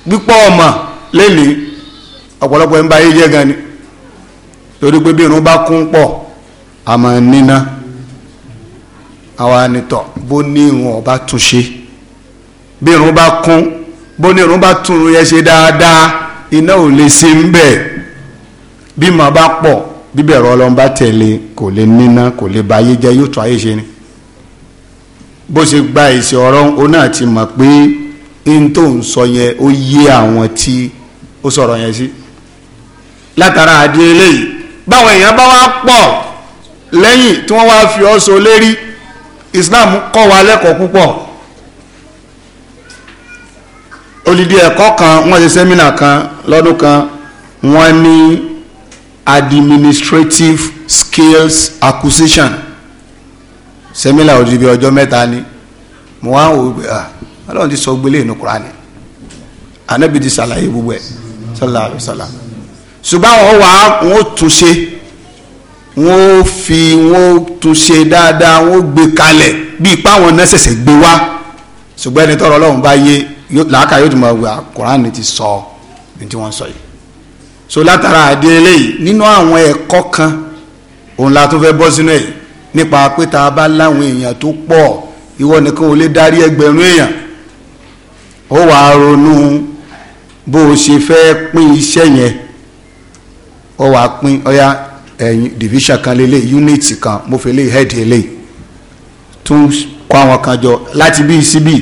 pípọ̀ ọmọ lélẹ̀ ọ̀pọ̀lọpọ̀ ń ba jẹ́ gan ni torí pé bí irun bá kún pọ̀ àmọ́ níná àwa nítọ̀ bó ní irun ọba tún ṣe bí irun bá kún bó ní irun bá tún irun yẹn ṣe dáadáa iná ò lè ṣe ń bẹ̀ bí màá bíbẹ̀rù ọlọ́run bá tẹ̀lé kò lè níná kò lè ba ayé jẹ́ yóò tún ayé ṣe ni bó ṣe gba èsì ọ̀rọ̀ ó náà ti mọ̀ pé n tó ń sọ yẹn ó yé àwọn tí ó sọ̀rọ̀ yẹn sí látara àdé eléyìí báwọn èèyàn bá wá pọ̀ lẹ́yìn tí wọ́n wá fi ọ́ so lérí Islam kọ́ wa lẹ́kọ̀ọ́ púpọ̀ olùdí ẹ̀kọ́ kan wọ́n ṣe sẹ́mínà kan lọ́dún kan wọ́n ní. Ni administrative skills acquisition sẹ́mílà òdi bíi ọjọ́ mẹ́ta ni mo wá wò ó à ah, ọlọ́run ti sọ gbélé inú Kùránì ànábì ti ṣàlàyé gbogbo ẹ̀ sallallahu alaihi wasallam ṣùgbọ́n àwọn wà wọ́n tún ṣe wọ́n fi wọ́n tún ṣe dáadáa wọ́n gbé kalẹ̀ bíi páwọn náà ṣẹ̀ṣẹ̀ gbé wá ṣùgbọ́n ẹni tọ́rọ ọlọ́run bá yé làákà yóò tún máa wà ah, Kùránì ti sọ ní tí wọ́n sọ yìí so látara àdé eléyìí nínú àwọn ẹ̀kọ́ kan òun la tún fẹ́ bọ́ sínú ẹ̀ nípa pé tá a bá láwọn èèyàn tó pọ̀ ìwọ nìkan ò lè darí ẹgbẹ̀rún èèyàn ó wàá ronú bó o ṣe fẹ́ pín iṣẹ́ yẹn ó wàá pín ọ̀yá ẹ̀yìn division kan lélẹ̀ unit kan mo fi lè head eléyìí tún kó àwọn kan jọ láti bí síbí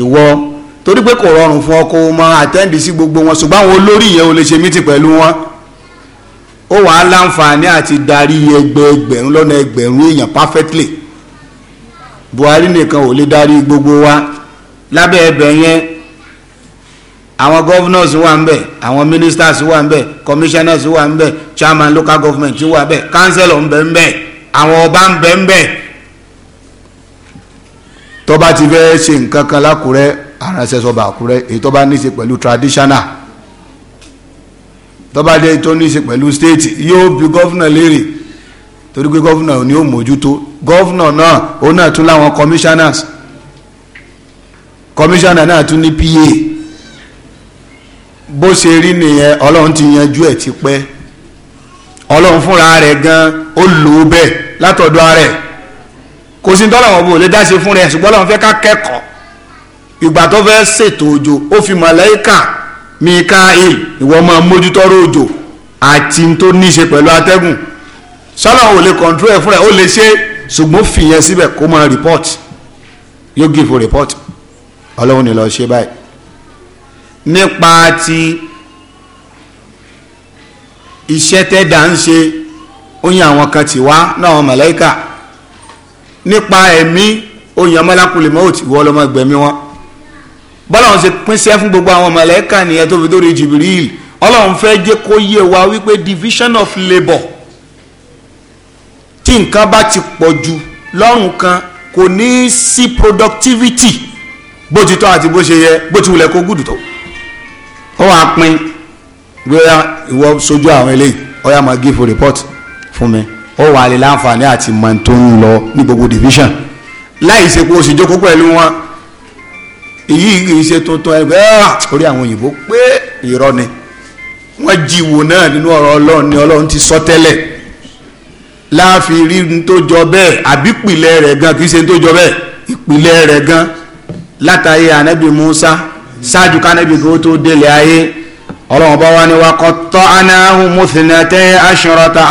ìwọ torí pé kò rọrùn fún ọ kó o máa àtẹ́ǹdì sí gbogbo wọn ṣùgbọ́n àwọn olórí yẹn o lè ṣe mítì pẹ̀lú wọn ó wàá láǹfààní àti darí ẹgbẹẹgbẹ̀rún lọ́nà ẹgbẹ̀rún èèyàn perfectly Buhari nìkan ò lè darí gbogbo wa lábẹ́ ẹbẹ̀ yẹn àwọn governors wà ń bẹ̀ àwọn ministers wà ń bẹ̀ commissioners wà ń bẹ̀ chairman local government wà bẹ̀ council, ń bẹ̀ ń bẹ̀ àwọn ọba ń bẹ̀ ń bẹ̀ tó bá ti fẹ́ ṣe nǹkan kan lákùrẹ́ aránṣẹ́ sọba àkúrẹ́ èyí tó bá ní í ṣe pẹ̀lú traditional tó bá dé tó ní í ṣe pẹ̀lú state yóò bi gọ́fúnà léèrè torí pé gọ́fúnà ni ó mójútó gọ́fúnà náà òun náà tún láwọn commissioners commissioner náà tún ní pa bó ṣe rí nìyẹn ọlọ́run ti yanjú ẹ̀ ti pẹ́ ọlọ́run fúnra rẹ̀ gan ó lò ó bẹ́ẹ̀ látọ̀dọ̀ rẹ̀ kò sí tọ́lọ̀ wọn bò lè dá ṣe fún rẹ̀ ṣùgbọ́n ọlọ́run fẹ́ ká kẹ́kọ̀ọ́ ìgbà tó fẹ́ ṣètò òjò ó fi màláíkà mikael ìwọ máa mójútọ́rọ̀ òjò àti tó ní í ṣe pẹ̀lú atẹ́gùn sọ́nà ò lè control ẹ̀ fúnra ẹ̀ ó lè ṣe ṣùgbọ́n fìyẹn síbẹ̀ kó máa report yóò give a report ọlọ́run ni lọ ṣe báyìí nípa ti iṣẹ́ tẹ́dà ń ṣe oyin àwọn kan ti wá náà màláíkà nípa ẹ̀mí oyin amọ́lákùnlé mọ́ọ̀tì wọ́ ọlọ́mọ gbẹ̀mí wọn bọ́lọ́run ṣe pínṣẹ́ fún gbogbo àwọn mọ̀lẹ́kà nìyẹn tó fi dórí Jibril ọlọ́run fẹ́ jẹ́ kó yé wa wípé division of labour tí nǹkan bá ti pọ̀ jù lọ́rùn kan kò ní í sí productivity bó ti tọ́ àti bó ṣe yẹ bó ti wulẹ̀ kó gùdù tó ó wàá pín gbéra ìwọ sójú àwọn eléyìí ó yá máa give report fún mi ó wàá lè láǹfààní àti mọ̀ tó ń lọ ní gbogbo division láì ṣe pé o sì jókòó pẹ̀lú wọn èyí kì ise tuntun ẹgbẹ́ ah, orí àwọn òyìnbó pé irọ́ ni wọ́n jí wò náà nínú ọ̀rọ̀ ọlọ́run ni ọlọ́run ti sọ tẹ́lẹ̀ láàfin rí ní tó jọ bẹ́ẹ̀ àbí ìpìlẹ̀ rẹ̀ gan kì í ṣe ní tó jọ bẹ́ẹ̀ ìpìlẹ̀ rẹ̀ gan látàyè anabi musa ṣáájú kánabi kí ó tó délé ayé ọlọ́run bá wá ní wa qatta'nahum muthnatay ashrata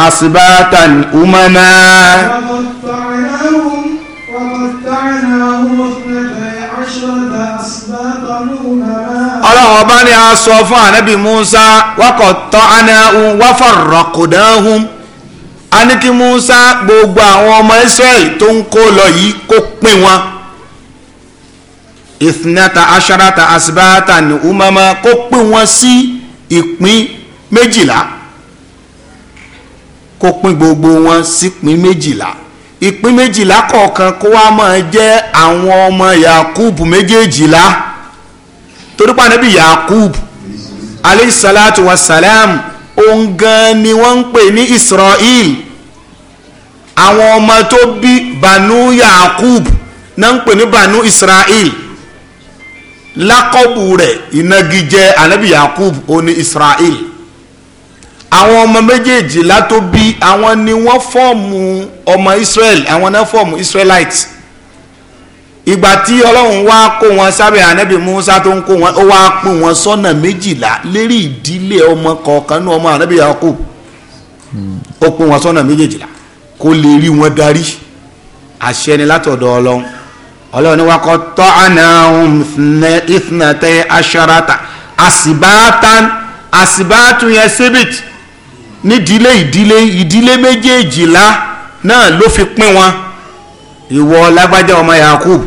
ọlọ́run ọba ni a sọ fún ànábì musa wákọ̀ tán àná wáfà rọ̀kùdáhùn a ní kí musa gbogbo àwọn ọmọ israel tó ń kó lọ yìí kó pín wọn ìfúnnata aṣárata asibáta ní umama kó pín wọn sí ìpín méjìlá kó pín gbogbo wọn sípín méjìlá. Si ìpín méjìlá kọ̀ọ̀kan kó wá máa jẹ́ àwọn ọmọ Yakub méjèèjìlá torí pa níbi Yakub aleyhisalatu wasalam òun gan ni wọ́n ń pè ní Israel àwọn ọmọ tó bí banu Yakub náà ń pè ní banu Israel lákọ̀bù rẹ̀ ìnagijẹ anabi Yakub òun ni Israel àwọn ọmọ méjèèjìlá tó bí àwọn ni wọ́n fọ́ọ̀mù ọmọ Israel àwọn náà fọ́ọ̀mù Israelite ìgbà tí Ọlọ́run wá kó wọn sábẹ́ ànábì Musa tó ń kó wọn ó wá pín wọn sọ́nà méjìlá lérí ìdílé ọmọ kọ̀ọ̀kan ní ọmọ ànábì Yakub hmm. ó pín wọn sọ́nà méjèèjìlá kó lè rí wọn darí àṣẹ ni látọ̀dọ̀ Ọlọ́run Ọlọ́run ni wọ́n kọ́ tọ́ àná ìfúnnatẹ́ aṣọ́rata àsìbátan àsìbátun yẹn síbìtì nídìílé ìdílé ìdílé méjèèjìlá náà ló fi pín wọn ìwọ lágbájá ọmọ yakub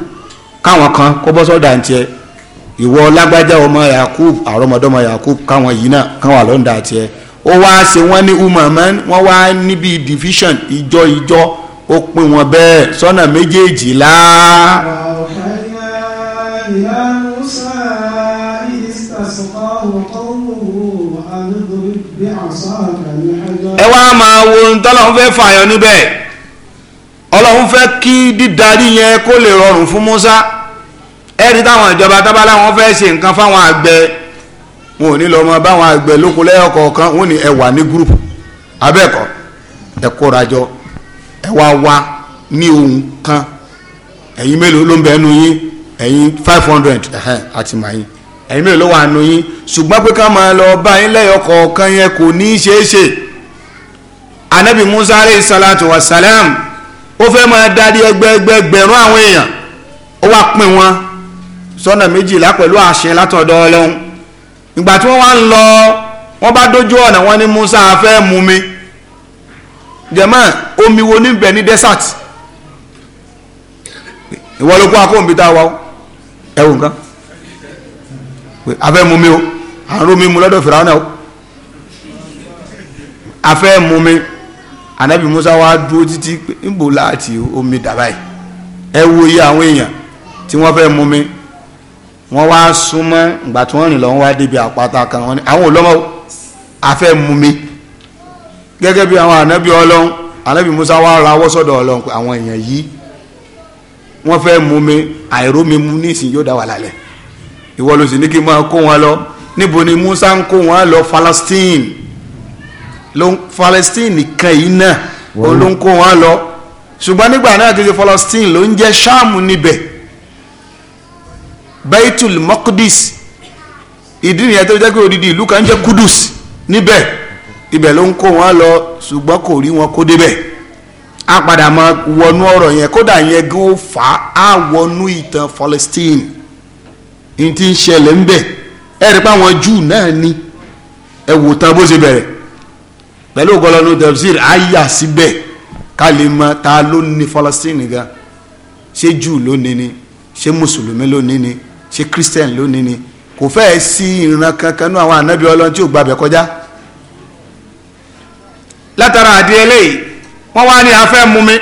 káwọn kan kó bọ́ sọ́dà ń tiẹ̀ ìwọ lágbájá ọmọ yakub àrọ́mọdọ́mọ yakub káwọn yìí náà kán wà lọ́ndà tiẹ̀ ó wá ṣe wọ́n ní umaman wọ́n wá níbi division ìjọ ìjọ ó pín wọn bẹ́ẹ̀ sọ́nà méjèèjìlá. وقوله أن اضرب ẹ wá máa wo ohun tọ́lọ́hún fẹ́ fààyàn níbẹ̀ ọlọ́hún fẹ́ kí dídarí yẹn kó lè rọrùn fún Musa ẹ̀rí táwọn ìjọba tábàlà wọn fẹ́ ṣe nǹkan fáwọn àgbẹ̀ wọn ò ní lọ́ọ́ mọ báwọn àgbẹ̀ lóko lẹ́yọ̀kọ̀ọ̀kan wọn ni ẹ wà ní gúrùpù abẹ́ẹ̀kọ́ ẹ kóra jọ ẹ wá wá ní ohun kan ẹ̀yin mélòó ló ń bẹ ẹnu yín ẹ̀yin five hundred àti màáyín ẹ̀yin mélòó ló wà nù yín ṣùgbọ́n pé ká máa lọ bá yín lẹ́yọ̀kọ̀ọ̀kan yẹn kò ní í ṣeé anabi musa aleyhi salatu wa salam ó fẹ́ máa darí ẹgbẹẹgbẹ̀rún àwọn èèyàn ó wá pín wọn sọ́nà méjìlá pẹ̀lú àṣẹ látọ̀dọ̀ ọlọ́run ìgbà tí wọ́n wá ń lọ wọ́n bá dójú ọ̀nà wọn ní musa afẹ́ mú mi jẹ̀mọ́ omi wo níbẹ̀ ní desert ìwọ ló kó akóhùnbí tá a wá ẹ̀wù nǹkan afẹ́ mú mi o àrùn mi mú lọ́dọ̀ fìràwọ́n náà o afẹ́ mú mi anabi musa wá dúró títí níbo láti omi dàbá yìí ẹ wo iye àwọn èèyàn tí wọ́n fẹ́ mú mi wọ́n wá súnmọ́ ìgbà tí wọ́n rìn lọ wọ́n wá débi àpáta kan wọ́n ní àwọn olómọ afẹ́ mú mi gẹ́gẹ́ bí àwọn anabi ọlọ́run anabi musa wá ra ọwọ́ sọ́dọ̀ pé àwọn èèyàn yìí wọ́n fẹ́ mú mi àìrómi mú ní yóò dá wà lálẹ́ ìwọ ní kí n máa kó wọn lọ níbo ni musa ń kó wọn lọ Palestine ló ń Palestine nìkan yìí náà ó ló ń kó wọn lọ ṣùgbọ́n nígbà náà kí n ṣe Palestine ló ń jẹ́ Ṣáàmù níbẹ̀ Baitul Maqdis ìdí nìyẹn tó jẹ́ pé odidi ìlú kan jẹ́ Kudus níbẹ̀ ibẹ̀ ló ń kó wọn lọ ṣùgbọ́n kò rí wọn kó débẹ̀ a padà máa wọnú ọ̀rọ̀ yẹn kódà yẹn gan ó fà á wọnú ìtàn Palestine ní ti ń ṣẹlẹ̀ ń bẹ̀ ẹ̀rí pé àwọn Júù náà ni ẹ̀wò tán bó ṣe bẹ̀rẹ̀ pẹ̀lú ògbọ́lọ́nù tafsir àyà síbẹ̀ ká lè mọ ta ló ní Falasini gan ṣé jù lónìí ni ṣé mùsùlùmí lónìí ni ṣé christian lónìí ni kò fẹ́ẹ̀ sí ìran kankan ní àwọn ànábì ọlọ́run tí ò gbàbẹ̀ kọjá látara àdí eléyìí wọ́n wá ní afẹ́ mú mi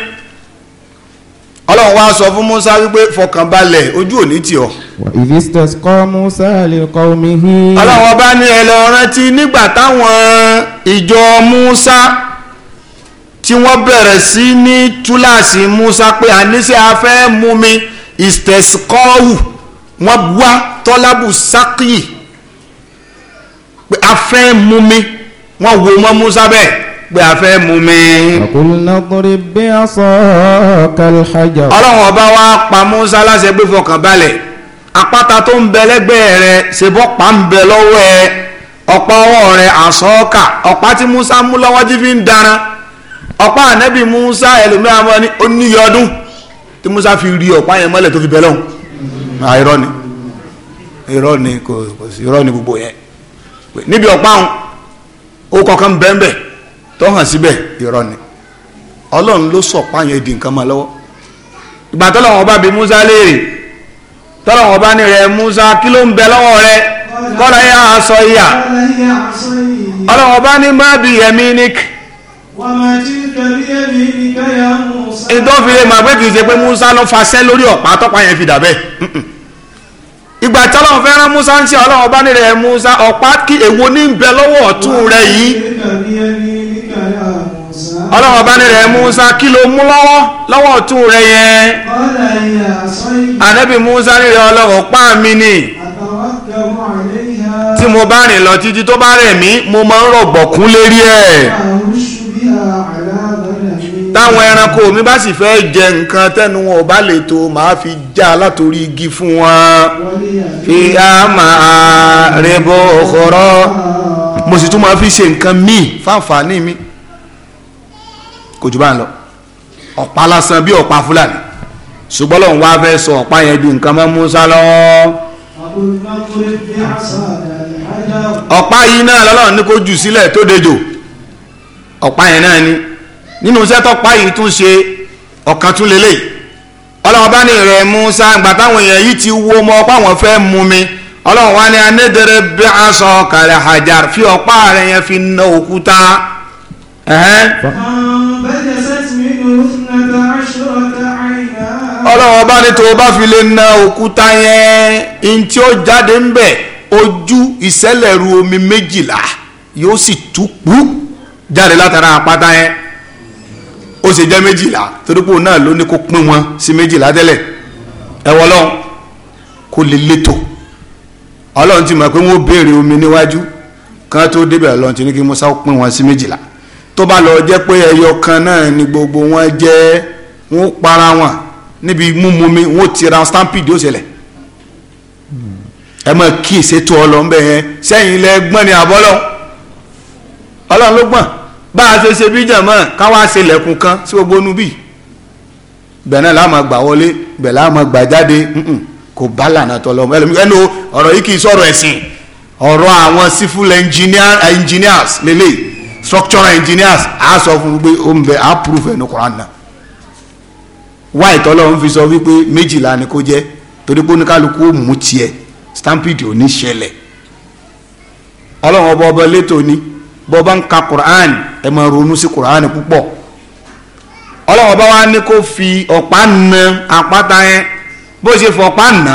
ọlọ́run wá sọ fún musa wípé fọkànbalẹ̀ ojú ò tì ọ́. ìdí kọ́ musa lè kọ́ omi hí. ọlọ́run ọba ní ẹ lọ rántí nígbà táwọn ìjọ Musa tí wọ́n bẹ̀rẹ̀ sí ní túláàsì Musa pé àníṣe afẹ́ mú mi ìstẹ̀síkọ́wù wọ́n wá tọ́lábù sákìyì pé afẹ́ mú mi wọ́n wo mọ́ Musa bẹ́ẹ̀ pé afẹ́ mú mi. àkùnrin ọkùnrin bí a sọ kàlùfàjà. ọlọ́run ọba wa pa Musa láṣẹ pé fọkàn balẹ̀ àpáta tó ń bẹ lẹ́gbẹ̀ẹ́ rẹ̀ ṣe bọ́ pa ń bẹ lọ́wọ́ ẹ. ọ̀pá ọwọ́ rẹ̀ àsọ́ọ̀kà ọ̀pá tí Musa mú lọ́wọ́ jí fi ń dara ọ̀pá Musa ẹlòmíràn mọ́ ní oníyọdún tí Musa fi rí ọ̀pá yẹn mọ́lẹ̀ tó fi bẹ̀ lọ́hùn ah, ni irọ́ ni kò sí irọ́ ni gbogbo yẹn níbi ọ̀pá ọ̀hún ó ni Ọlọ́run ló yẹn di nǹkan mọ́ lọ́wọ́ ìgbà Musa léèrè ní Musa kí ló kọ́lá ya á sọ yà ọlọ́wọ́ bá ní má bí yẹmí ní kí. ìdọ́fìlẹ̀ màá pé ṣe pé Musa ló lórí ọ̀pá yẹn fi dà bẹ́ẹ̀ ìgbà tí fẹ́ rán Musa ń ṣe ọlọ́run bá nílẹ̀ Musa ọ̀pá kí èwo ní ń bẹ lọ́wọ́ ọ̀tún rẹ yìí Musa kí ló mú lọ́wọ́ lọ́wọ́ ọ̀tún rẹ yẹn Musa nílẹ̀ pa ni. tí mo bá rìn lọ títí tó bá rẹ̀ mí mo máa ń rọ̀gbọ̀kún lérí ẹ̀ táwọn ẹranko mi bá sì fẹ́ jẹ nǹkan tẹ́nu wọn ò bá lè tó màá fi já látòrí igi fún wọn fi á máa rebo ọ̀kọ̀rọ̀ mo sì tún máa fi ṣe nǹkan míì fáǹfààní mi kò jù bá ń lọ ọ̀pá lásán bí ọ̀pá fúlàní ṣùgbọ́n lòun wá fẹ́ sọ ọ̀pá yẹn di nǹkan mọ́ Musa lọ́wọ́ ọ̀pá yìí náà lọ́lọ́run ní kó jù sílẹ̀ tó dejò ọ̀pá yẹn náà ni nínú iṣẹ́ tọ́pá yìí tún ṣe ọ̀kan tún lélẹ̀ ọlọ́run bá ní rẹ̀ Musa ìgbà táwọn èèyàn yìí ti wo ọmọ ọpá wọn fẹ́ mú mi ọlọ́run wá ní anédèrè bí aṣọ kàlẹ̀ hajar fi ọ̀pá rẹ̀ yẹn fi na òkúta. ọlọ́run bá ní tó o bá fi lè na òkúta yẹn ní tí ó jáde ń bẹ̀ ojú ìṣẹ̀lẹ̀ru omi méjìlá yóò sì tú pú jáde látara àpáta yẹn ó sì jẹ́ méjìlá torí pé òun náà ló ní kó pín wọn sí méjìlá tẹ́lẹ̀ ẹ wọ́n lọ́hùn kó lè létò ọlọ́run ti mọ̀ pé wọ́n béèrè omi níwájú kan tó débẹ̀ ọlọ́run ti ní kí Musa pín wọn sí méjìlá tó bá lọ jẹ́ pé ẹyọ kan náà ni gbogbo wọn jẹ́ wọ́n para wọn níbi múmu mi wọ́n tira stampede ó ṣẹlẹ̀ ẹ mọ̀ kí ìṣètò ọlọ́run bẹ́ẹ̀ yẹn sẹ́yìn ilẹ̀ gbọ́n ni àbọ́lọ́ ọlọ́run ló gbọ́n bá a ṣe ṣe bí jàmọ́ káwá ṣe lẹ̀kùn kan sí gbogbo onú bì náà láàmú gbà wọlé bẹ́ẹ̀ láàmú gbà jáde kò bá lànà tọ́lọ́mọ ẹlò ọ̀rọ̀ yìí kì í sọ̀rọ̀ ẹ̀sìn ọ̀rọ̀ àwọn civil engineers lélẹ̀ structural engineers á sọ fún un pé ó ń bẹ á prove ẹnu Quran náà wáyé tọ́lọ́run fi sọ wípé méjìlá ni kò jẹ́ torí pé oníkálukú ó mú tiẹ̀ stampede ò ní ṣẹlẹ̀ ọlọ́run ọba ọba létò ni bọ́ bá ń ka quran ẹ máa ronú sí quran púpọ̀ ọlọ́run ọba wa ní kó fi ọ̀pá na àpáta yẹn bó ṣe fọ ọ̀pá nà.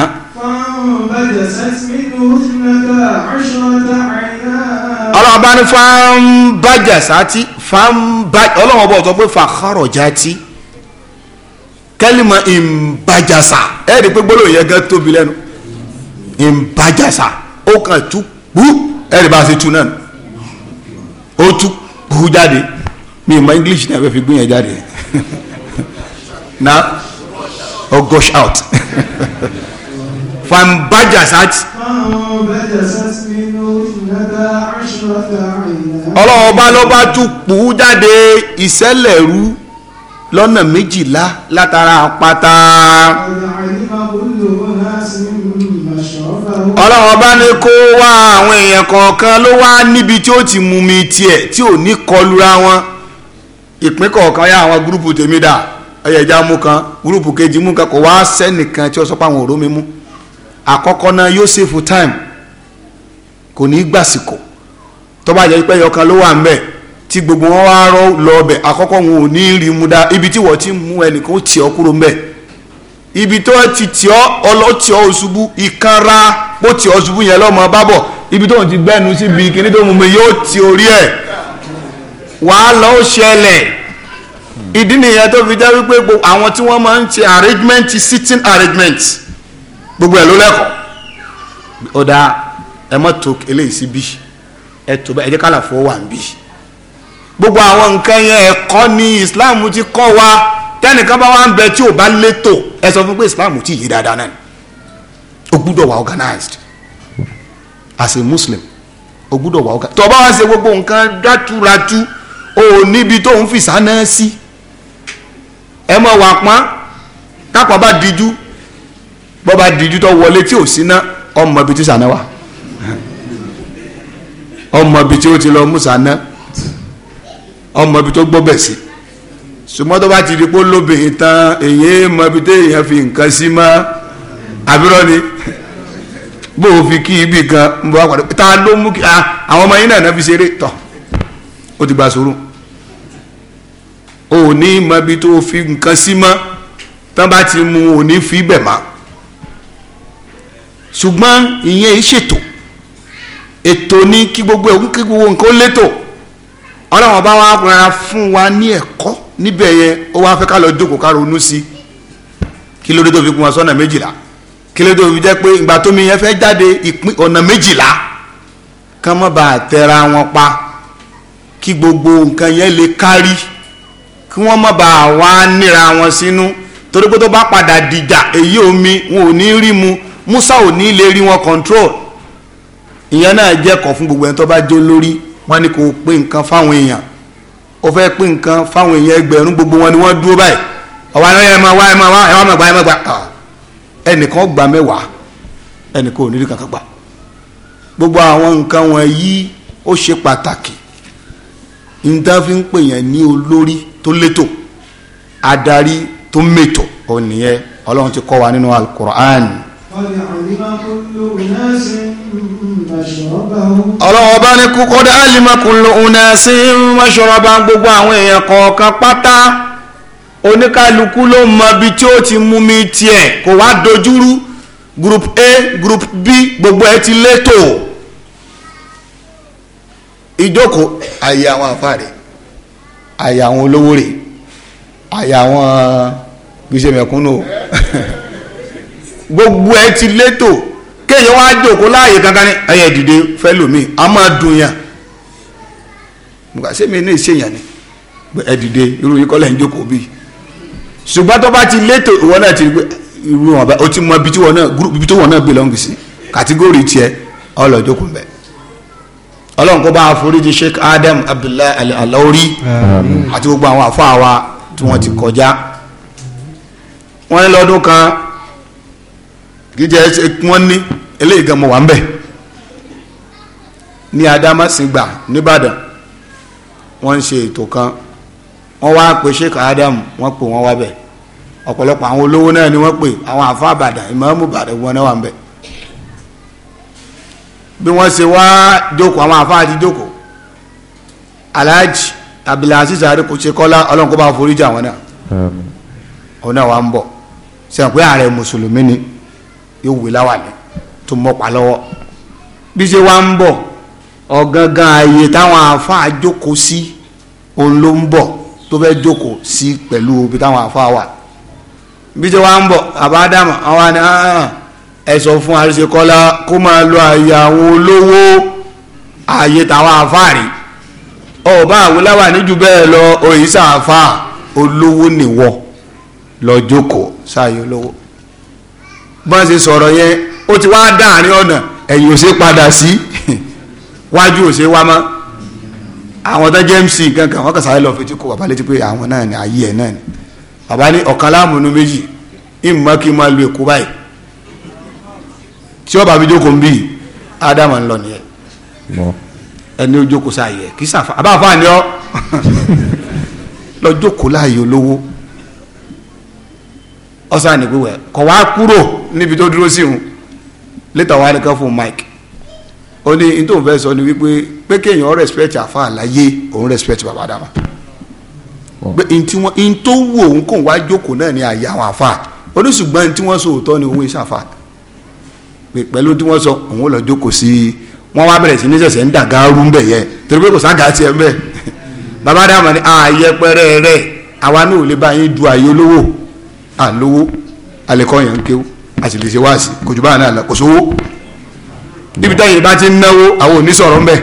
ọlọ́run ọba ní fáńbàjà sátí fáńbàjà ọlọ́run ọba ọ̀tọ̀ pé fàkàrọ̀já tí kẹ́lìmọ̀ ìmbàjàsà ẹ̀ẹ́dì pé gbólóhùn yẹn tóbi lẹ́nu ìbàjàsà ó kàn tú bú ẹ̀rì bá ṣe tú náà ó tú bú jáde mi ìmọ̀ english náà fẹ́ fi gbìyànjú jáde [laughs] na ó gush out [laughs] fanbajasat. ọlọ́wọ́ bá ló bá tú bú jáde ìṣẹ̀lẹ̀ lọ́nà méjìlá látara pátá. ọ̀nà àyíká olùwà ọlọ́run ọba ní kó wá àwọn èèyàn kọ̀ọ̀kan ló wá níbi tí ó ti mú mi tiẹ̀ tí ò ní kọlura wọn ìpín kọ̀ọ̀kan yá àwọn gúrùpù tèmi dà ẹ̀yẹ̀ ìjà mú kan gúrùpù kejì mú kan kò wá sẹ́nìkan tí ó sọ pé àwọn òró mi mú àkọ́kọ́ náà yóò sèfù time kò ní í gbàsìkò tó bá jẹ́ pé ẹyọkan ló wà ń bẹ̀ tí gbogbo wọn wá lọ ọbẹ̀ àkọ́kọ́ wọn ò ní rí mu dá ibi tí wọ́n ti mú ẹnìkan ó tì ọ́ ń bẹ̀ ibi tó ti tì ọ́ ọlọ́tì ọ́ ṣubú ìkanra bó ti ọ́ ṣubú yẹn lọ́mọ bábọ̀ ibi tó ń ti gbẹ́nu síbi kíní tó mú mi yóò ti orí ẹ̀ wàhálà ó ṣẹlẹ̀ ìdí nìyẹn tó fi jẹ́ wípé àwọn tí wọ́n máa ń ṣe arrangement sitting arrangement gbogbo ẹ̀ ló lẹ́kọ̀ọ́ ọ̀dà ẹ mọ̀ tó eléyìí síbí ẹ tó bẹ́ẹ̀ ẹ jẹ́ kálàfọ́ wà ń bí gbogbo àwọn nǹkan yẹn ẹ̀kọ́ ni Islam ti kọ́ wa tẹ́nìkan bá wà ń bẹ tí ò bá létò ẹ sọ fún pé islam ti yé dáadáa náà o gbúdọ̀ wà organized as a muslim o gbúdọ̀ wà organized tọ́ba wá ṣe gbogbo nǹkan dátúratú o níbi tó ń fìsà náà sí ẹ mọ̀ wà pọ́n kápọ̀ bá díjú bọ́ bá díjú tó wọlé tí ò sí ná ọmọ ibi tí sànà ọmọ ibi tí ó ti lọ mú sànà ọmọ ibi tó gbọ́ bẹ̀ sí ṣùgbọ́n tó bá ti di pé lóbìnrin tán èyí mọ ibi tí èèyàn fi nǹkan sí mọ́ àbúrò ni bó o fi kí ibi kan ń bọ́ àpàdé ta ló mú kí ah, àwọn ọmọ yín náà fi ṣeré tọ̀ ó ti gba sùúrù o ní mọ ibi tó fi nǹkan sí mọ́ tán bá ti mu ò ní fi bẹ̀ mọ́ ṣùgbọ́n ìyẹn ìṣètò ètò ní kí gbogbo ẹ̀ kí gbogbo nǹkan ó létò ọlọ́run ọba wa rárá fún wa ní ẹ̀kọ́ níbẹ̀ yẹn ó wá fẹ́ ká lọ jókòó ká ronú sí kí ló dé tó fi kún wa sọ́nà méjìlá kí ló dé tó fi jẹ́ pé ìgbà tómi yẹn fẹ́ jáde ìpín ọ̀nà méjìlá kán má bàa tẹra wọn pa kí gbogbo nǹkan yẹn lè kárí kí wọ́n má bàa wá níra wọn sínú torí pé tó bá padà dìjà èyí omi wọn ò ní rí mu musa ò ní lè rí wọn control ìyẹn náà jẹ́ kọ̀ fún gbogbo ẹni tó bá jó lórí wọn ni kò pé nǹkan fáwọn èèyàn ó fẹ́ pín nǹkan fáwọn èèyàn ẹgbẹ̀rún gbogbo wọn ni wọ́n dúró báyìí ọ̀wá ni ẹ máa wá ẹ máa wá ẹ máa gbà ẹ máa gbà ah, ẹnìkan gba mẹ́wàá ẹnìkan ò ní rí kankan gbà gbogbo àwọn nǹkan wọn yìí ó ṣe pàtàkì nǹkan fi ń pè yẹn ní olórí tó létò adarí tó mètò ònìyẹn ọlọ́run ti kọ́ wa nínú alukur'an. ọ̀nà àdìbá kúlò náà ṣe ń ọlọ́run ọba ní kókó dá alimakulu unasi mọ́ṣọ́rọ́ba gbogbo àwọn èèyàn kọ̀ọ̀kan pátá oníkálukú ló mọ ibi tí ó ti mú mi tiẹ̀ kò wá dojúrú group a group b gbogbo ẹ ti létò ìjókòó àyè àwọn àfàrẹ àyè àwọn olówó rẹ̀ àyè àwọn gbèsè mẹ̀kúnnù [laughs] gbogbo ẹ ti létò kéèyàn wá jòkó láàyè kankan ní ẹyẹ dìde fẹ́ lómi a máa dùn yàn nígbà sẹ́mi ní ìṣèyàn ni ẹ dìde irú yìí kọ́lẹ̀ ń jòkó bí ṣùgbọ́n tó bá ti létò ìwọ náà ti irú wọn bá o ti mọ ibi wọn náà gúrúùpù ibi wọn náà bìlọ́ǹgì sí kàtígórì tiẹ̀ ọlọ́jọ́kùn bẹ́ẹ̀ ọlọ́run kó bá àforíjì Sheikh Adam Abdullahi Al-Alauri àti gbogbo àwọn àfáà wa tí wọ́n ti kọjá wọ́n ní lọ́dún kan gíjẹ wọn ní eléyìí gan mo wà ń bẹ ní adámásìngbà nìbàdàn wọ́n ń ṣe ètò kan wọ́n wá pè sheik adam wọ́n pè wọ́n wá bẹ̀ ọ̀pọ̀lọpọ̀ àwọn olówó náà ni wọ́n pè àwọn àfa àbàdàn ìmáàmù bàdàn wọn náà wà ń bẹ̀ bí wọ́n ṣe wá jókòó àwọn àfa àti jókòó alhaji abdulaziz arikuche kọ́lá ọlọ́run kó bá foríjì àwọn náà òun náà ń bọ̀ sẹ́wọ̀n pé ààrẹ mùsùlùmí ni yóò wé láwàní tó mọ́pa lọ́wọ́ bí ṣe wá ń bọ̀ ọ̀gangan ààyè táwọn àáfàá jókòó sí òun ló ń bọ̀ tó fẹ́ jókòó sí pẹ̀lú ibi táwọn àáfàá wà bí ṣe wá ń bọ̀ àbádàmọ̀ àwọn àni ẹ sọ fún àríṣekọ́lá kó máa lo ààyè àwọn olówó ààyè táwọn àáfàá rí ọba àwòláwà níjú bẹ́ẹ̀ lọ òyìnbó àáfàá olówó nìwọ lọ jókòó sáàyè olówó bọ́n ṣe sọ̀rọ̀ yẹn ó ti wá dáàrin ọ̀nà ẹ̀yìn ò ṣe padà sí wájú ò ṣe wá mọ́ àwọn tó jẹ́ mc gangan wọ́n kàn sáré lọ fi tí kò bàbá létí pé àwọn náà ni ayé ẹ̀ náà ni bàbá ní ọ̀kan láàmúnú méjì ìmọ̀ kí n máa lu èkó báyìí tí ọba mi jókòó ń bì í ádámà ń lọ nìyẹn ẹni ó jókòó sáàyè kì sàfà àbáfà ni ọ [laughs] lọ jókòó láàyè olówó ọsàn ní pípẹ́ kọ̀ wá kúrò níbi tó dúró sí òun létà wà nìkan fún mike ó ní ní tóun fẹ́ sọ ni wípé pé kéèyàn respect àfa àlàyé òun respect bàbá dàmà pé ntí wọn ntó wù òun kò wá jókòó náà ní àyè àwọn àfa oníṣùgbọ́n ntí wọ́n sọ òótọ́ ni òun ìṣàfà pẹ̀lú tí wọ́n sọ òun lọ jókòó sí wọ́n wá bẹ̀rẹ̀ sí ní sẹ̀sẹ̀ ń dàgàrú ń bẹ̀ yẹ torí pé kò sága tiẹ̀ ń bẹ̀ [laughs] bàbá dàmà ni àyẹpẹrẹ rẹ̀ àwa náà ò lè bá yín du àyè olówó à ń lówó alẹ́kọ́ yẹn ń kéwò a sì lè ṣe wáàsí kò jù báyìí náà lọ kò sówó níbi táyé bá ti ń náwó àwọn òní sọ̀rọ̀ ń bẹ̀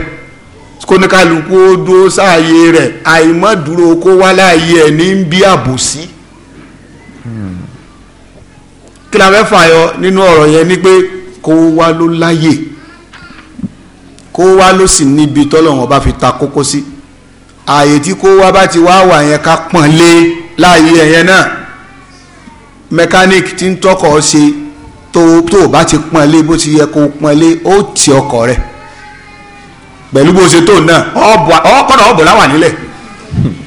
kóníkàlùkù ó dúró sáàyè rẹ̀ àìmọ́dúró kó wá láàyè ẹ̀ ní bí àbòsí kí la fẹ́ fàyọ nínú ọ̀rọ̀ yẹn ni pé kó wá ló láyè kó wá ló sì níbi tọ́lọ́wọ́n bá fi ta kókó sí ààyè tí kó wá bá ti wá wà yẹn ká pọ̀n lé láàyè ẹ̀yẹn náà mechanic tí ń tọkọ̀ ṣe tó tó o bá ti pọ́n lé bó ti yẹ kó o pọ́n lé ó ti ọkọ̀ rẹ̀ pẹ̀lú bó ṣe tó náà ọkọ̀dọ̀ ọ̀bọ̀ láwà nílẹ̀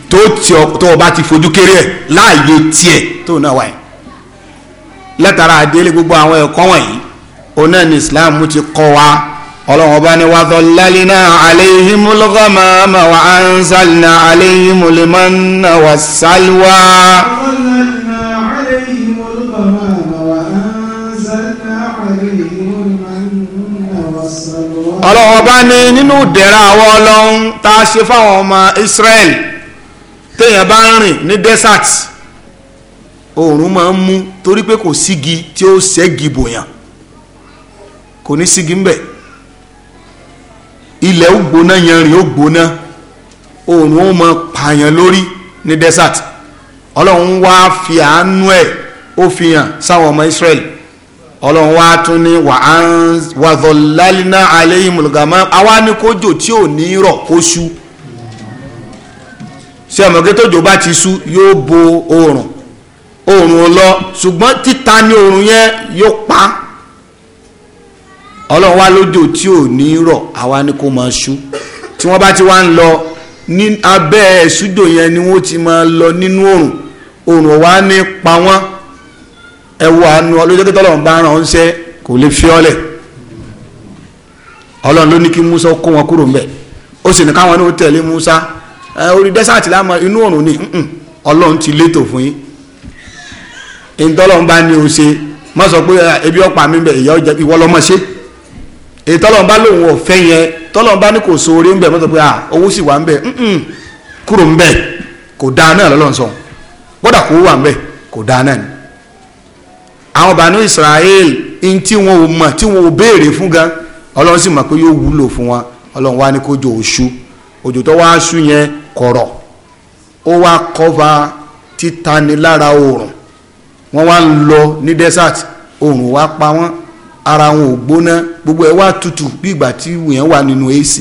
tó ti tó o bá ti fojú kéré ẹ̀ láàyè tiẹ̀ tó náà wà yẹn látara àdéhùn gbogbo àwọn ẹ̀kọ́ wọ̀nyí ọ̀nà ní Islam ti kọ́ wa ọlọ́run ọba ni wàá tọ́lálínà àléhìmúlọ́gọ́mọ́ wà á ń sálínà wà sálíwá. ọlọ́wọ́ bá ní nínú ìdẹ̀ra àwọn ọlọ́run tá a ṣe fáwọn ọmọ Israel téèyàn bá ń rìn ní desert oòrùn máa ń mú torí pé kò sígi tí ó ṣẹ́gi bòyàn kò ní sígi ńbẹ̀ ilẹ̀ ó gbóná yanrìn ó gbóná oòrùn ó máa pààyàn lórí ní desert ọlọ́run wá fi àánú ẹ̀ ó fi hàn sáwọn ọmọ Israel ọlọ́run wá tún ní wàzọ̀lálínà aléyìnmùl gàmá àwa ní kójò tí ò ní rọ̀ kó ṣú ṣé ọmọge tójò bá ti ṣú yóò bo oòrùn oòrùn lọ ṣùgbọ́n títa ní oòrùn yẹn yóò pa ọlọ́run wá lójò tí ò ní rọ̀ àwa ní kó máa ṣú tí wọ́n bá ti wá ń lọ ní abẹ́ ẹ̀ṣújò yẹn ni wọ́n ti máa lọ nínú oòrùn oòrùn wá ní pa wọ́n ẹ wo àánú ọlọ́jọ́ tó tọ́lọ́run bá ràn ọ́n ṣe kò lè fi ọ́lẹ̀ ọlọ́run ló ní kí Musa kó wọn kúrò ńbẹ̀ ó sì ní káwọn ní ó tẹ̀lé Musa orí dẹ́sàtì láàmú inú ọ̀run ni ọlọ́run ti létò fún yín ìtọ́lọ́run bá ní o ṣe má sọ pé ebi ọ̀pá mi bẹ̀ ìyá ọjà ìwọ lọ́mọ ṣe ìtọ́lọ́run bá lòun ọ̀fẹ́ yẹn tọ́lọ́run bá ní kò so orí ńbẹ̀ má sọ pé owó sì wà ńbẹ̀ kúrò ńbẹ̀ kò dáa náà lọ́lọ́run gbọ́dọ̀ kó wà ńbẹ̀ kò dáa náà ni àwọn bànú Israel in tí wọn ò mọ̀ tí wọn ò béèrè fún gan ọlọ́run sì mọ̀ pé yóò wúlò fún wọn ọlọ́run wá ní kójò òṣù òjò tó wá ṣú yẹn kọ̀rọ̀ ó wá kọ́va títanilára oòrùn wọ́n wá ń lọ ní desert oòrùn wá pa wọ́n ara wọn ò gbóná gbogbo ẹ̀ wá tutù bí ìgbà tí wọ́n wà nínú AC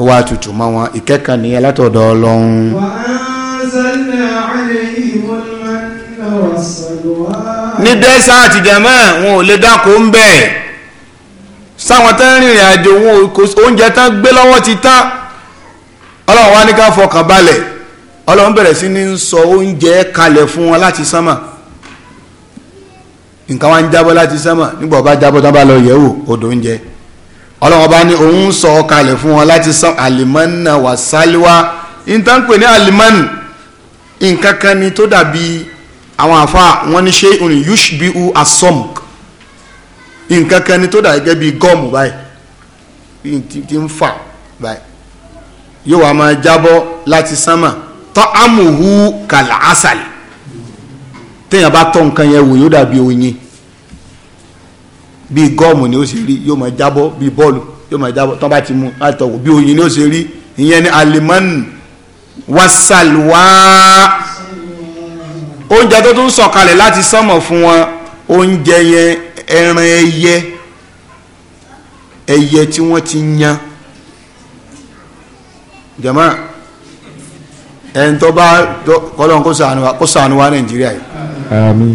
ó wá tutù mọ́ wọn ìkẹ́kànnì látọ̀dọ̀ ọlọ́run. wàá sẹ́lẹ̀ àlẹ́ yìí ní dẹ́sàtì jẹ̀mọ́ wọn ò lè dáko ń bẹ̀ sáwọn tán rìnrìn àjò wọn oúnjẹ tán gbé lọ́wọ́ ti tán ọlọ́run wá ní ká fọkàn balẹ̀ ọlọ́run bẹ̀rẹ̀ sí ní sọ oúnjẹ kalẹ̀ fún wọn láti sánmà nǹkan wá ń jábọ́ láti sánmà nígbà ọba jábọ́ tó bá lọ yẹ̀ wò odò oúnjẹ ọlọ́run bá ní òun sọ kalẹ̀ fún wọn láti sán àlìmọ́nà wà nǹkan pè ní tó dàbí àwọn afa wọn ní ṣe òní yushbiu asomk nǹkan kan ni tó dà gẹ́gẹ́ bíi gọ́ọ̀mù báyìí tí ń fà báyìí yóò wá máa jábọ́ láti sánmà tọ́ àmùhù kàlà àṣàlì téèyàn bá tọ́ nǹkan yẹn wò yóò dàbí oyin bíi gọ́ọ̀mù ni ó ṣe rí yóò máa jábọ́ bíi bọ́ọ̀lù yóò máa jábọ́ tọ́ bá ti mú láti bí oyin ni ó ṣe rí ìyẹn ni alimani wasalwa oúnjẹ tó tún sọ̀kalẹ̀ láti sánmọ̀ fún wọn oúnjẹ yẹn ẹran ẹyẹ ẹyẹ tí wọ́n ti yan jama ẹni tó bá kọ́lọ́n kó ṣàánú wa kó ṣàánú wa nàìjíríà yìí àmín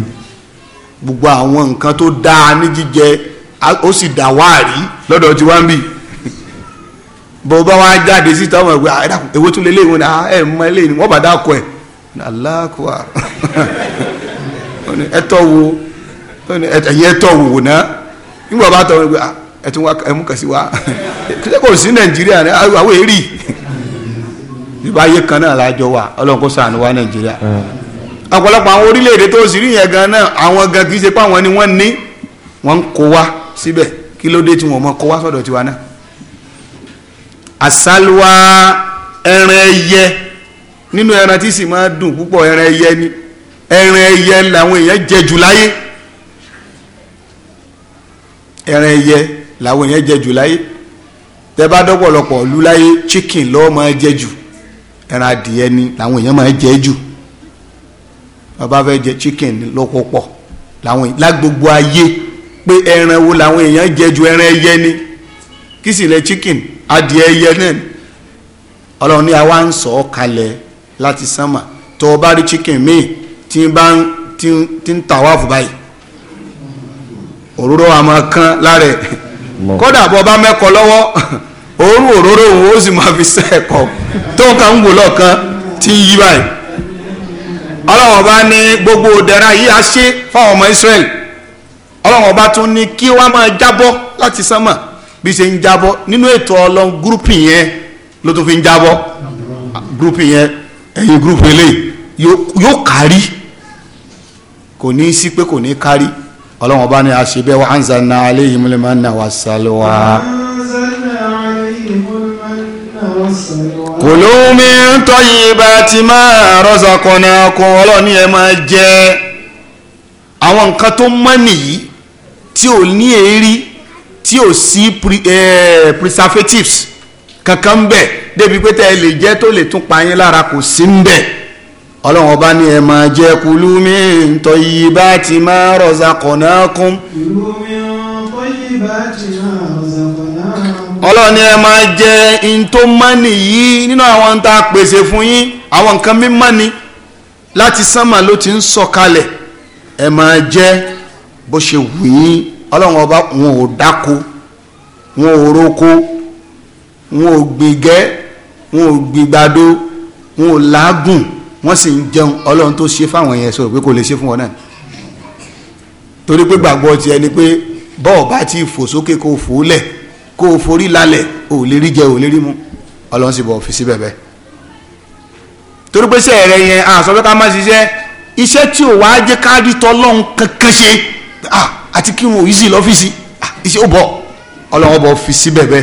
gbogbo àwọn nǹkan tó dáa ní jíjẹ ó sì dà wáàrí lọ́dọ̀ tí wọ́n ń bì bó bá wá jáde síta wọn ẹ̀ pé ah, tún lé léwọn ah, ẹ̀ mọ eléyìí wọ́n bá dáko ẹ̀ aláàkúwà ẹtọ́ wo ẹ̀yẹ ẹtọ́ wo náà nígbà bá tọ́ ah, ẹtún wa ẹmú kàsí wa kò sí nàìjíríà wa ọlọ́run kó ṣàánú wa nàìjíríà ọ̀pọ̀lọpọ̀ àwọn orílẹ̀-èdè tó sì rí yẹn gan náà àwọn gan kì í ṣe pé àwọn ni wọ́n ní wọ́n ń kó wa síbẹ̀ kí ló dé tí wọ́n mọ kó wa sọ́dọ̀ tiwa náà àsálùwà ẹran ẹyẹ nínú ẹran tí sì máa dùn púpọ̀ ẹran ẹyẹ ni ẹran ẹyẹ làwọn èèyàn jẹ jù láyé ẹran ẹyẹ làwọn èèyàn jẹ jù láyé tẹ bá dọ́pọ̀lọpọ̀ lu láyé chicken lọ́ọ́ máa jẹ jù ẹran adìyẹ ni làwọn èèyàn máa jẹ jù bàbá fẹ́ jẹ chicken lọ́pọ̀pọ̀ làwọn lágbogbo ayé pé ẹran wo làwọn èèyàn jẹ jù ẹran ẹyẹ ni kí sì lẹ chicken adìyẹ ẹyẹ náà ọlọ́run ní àwa ń sọ ọ́ kalẹ̀ láti sánmà tó o bá rí chicken míì tí n bá ti ń tà wáfù báyìí òróró àmọ́ kan láre kódà bọ́ bá mẹ́kọ̀ọ́ lọ́wọ́ òórùn òróró òun ó sì máa fi sẹ́ ẹ̀kọ́ tó ń ka ń wò lọ́ọ̀kan tí ń yí báyìí ọlọ́wọ́n bá ní gbogbo òdẹ̀ra yìí á ṣe fáwọn ọmọ Israẹli ọlọ́wọ́n bá tún ní kí wọ́n máa jábọ́ láti sánmà bí ṣe ń jábọ́ nínú ètò ọlọ́run gúrúpì yẹn ló tún fi ń jábọ́ gúrúpì yẹn ẹ̀yin gúrúùpù eléyìí yóò kárí kò ní í sí pé kò ní í kárí ọlọ́wọ́n bá ní a ṣe bẹ́ẹ̀ wá anzalna alayhimul manna wassalwa. kulu min tayyibati ma razaqnakum ọlọ́ọ̀ni ẹ máa jẹ àwọn nǹkan tó mọ́ nìyí tí ò ní èérí tí ò sí eh, preservatives kankan bẹ́ẹ̀ débi pé tẹ́ ẹ lè jẹ́ tó lè tún pa yín lára kò sí ń bẹ̀ ọlọ́run ọba ní ẹ máa mi ntọ yìí bá ti máa rọ̀ṣà kọ̀ọ̀nàkún. kulú mi ọlọ́run ẹ máa in tó mọ́nì yìí nínú àwọn ń ta pèsè fún yín àwọn nǹkan láti sánmà ló ti ń ẹ máa bó ṣe wù wọn ò gbìgbàdo wọn ò làágùn wọ́n sì ń jẹun ọlọ́run tó ṣe fáwọn yẹn sọ̀rọ̀ pé kò lè ṣe fún wọn náà torí pé gbàgbọ́ tiẹ̀ ni pé bọ́ọ̀ bá ti fò sókè kó fò lẹ̀ kó forí lálẹ̀ ò lè rí jẹ ò lè rí mu ọlọ́run sì bọ̀ fi sí bẹ̀bẹ̀ torí pé sẹ́ẹ̀ rẹ yẹn àṣọ pé ká má ṣiṣẹ́ iṣẹ́ tí ò wá jẹ́ ká rí tọ́lọ́run kankan ṣe àti kí wọn ò yí sí lọ́fíìsì iṣẹ́ ò bọ̀ ọlọ́run bọ̀ fi sí bẹ̀bẹ̀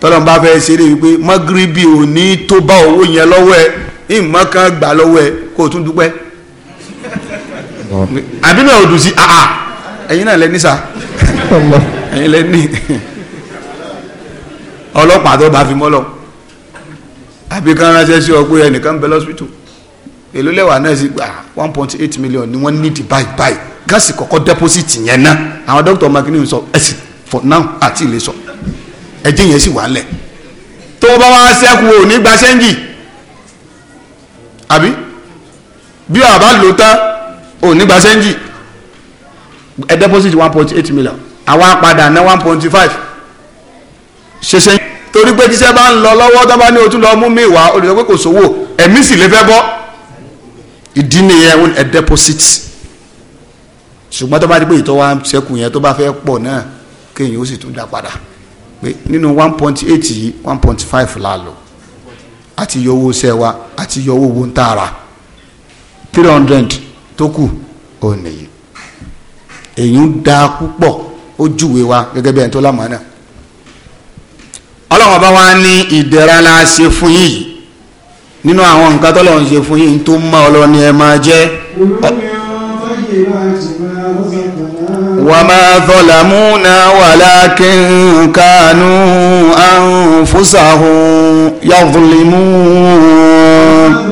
tọ́lọ́n bá fẹ́ ṣeré wípé mọ́gíríbì ò ní tó bá owó yẹn lọ́wọ́ ẹ ìmọ̀ gbà lọ́wọ́ ẹ kó o tún dúpẹ́ àbí náà ò dùn sí àà ẹ̀yin náà lẹ́ni sá ẹ̀yin lẹ́ni ọlọ́pàá tó bá fi mọ́ lọ àbí kan ránṣẹ́ sí ọ pé ẹnìkan bẹ lọ́sítù èló lẹ́wà náà sì gbà one point eight million ni wọ́n nídìí báyìí báyìí gáàsì kọ́kọ́ dẹ́pọ́sìtì yẹn náà àwọn dókítà ọmọ sọ ẹ̀sìn for now àti ilé sọ. So ẹ̀jẹ̀ yẹn sì wà lẹ̀ tó bá wá sẹ́kù ò ní gba ṣẹ́ńjì àbí bí ọ̀bá lò tán ò ní gba ṣẹ́ńjì ẹ deposit one point eight million àwa padà ná one point five ṣẹṣẹ torí pé tíṣẹ́ bá ń lọ lọ́wọ́ tó bá ní ojú lọ mú mi wá olùsọ pé kò sówó ẹ̀mí sì lè fẹ́ bọ́ ìdí nìyẹn ẹ deposit ṣùgbọ́n tó bá dé pé ìtọ́wá ṣẹ́kù yẹn tó bá fẹ́ pọ̀ náà kéèyàn ó sì tún dá padà pé nínú one point eight yìí one point five la lò àti yọ owó iṣẹ́ wa àti yọ owó owó ń tààrà three hundred tó kù ò nìyí èyí ń da púpọ̀ ó júwe wa gẹ́gẹ́ bí ẹni tó lámàá náà ọlọ́wọ́n bá wá ní ìdẹ̀ra la ṣe fún yìí nínú àwọn nǹkan tọ́lọ́run ṣe fún yìí tó mọ́ ọ lọ ẹ máa jẹ́. olùyọ̀ ọ̀fẹ́ wá ti máa. وما ظلمونا ولكن كانوا أنفسهم يظلمون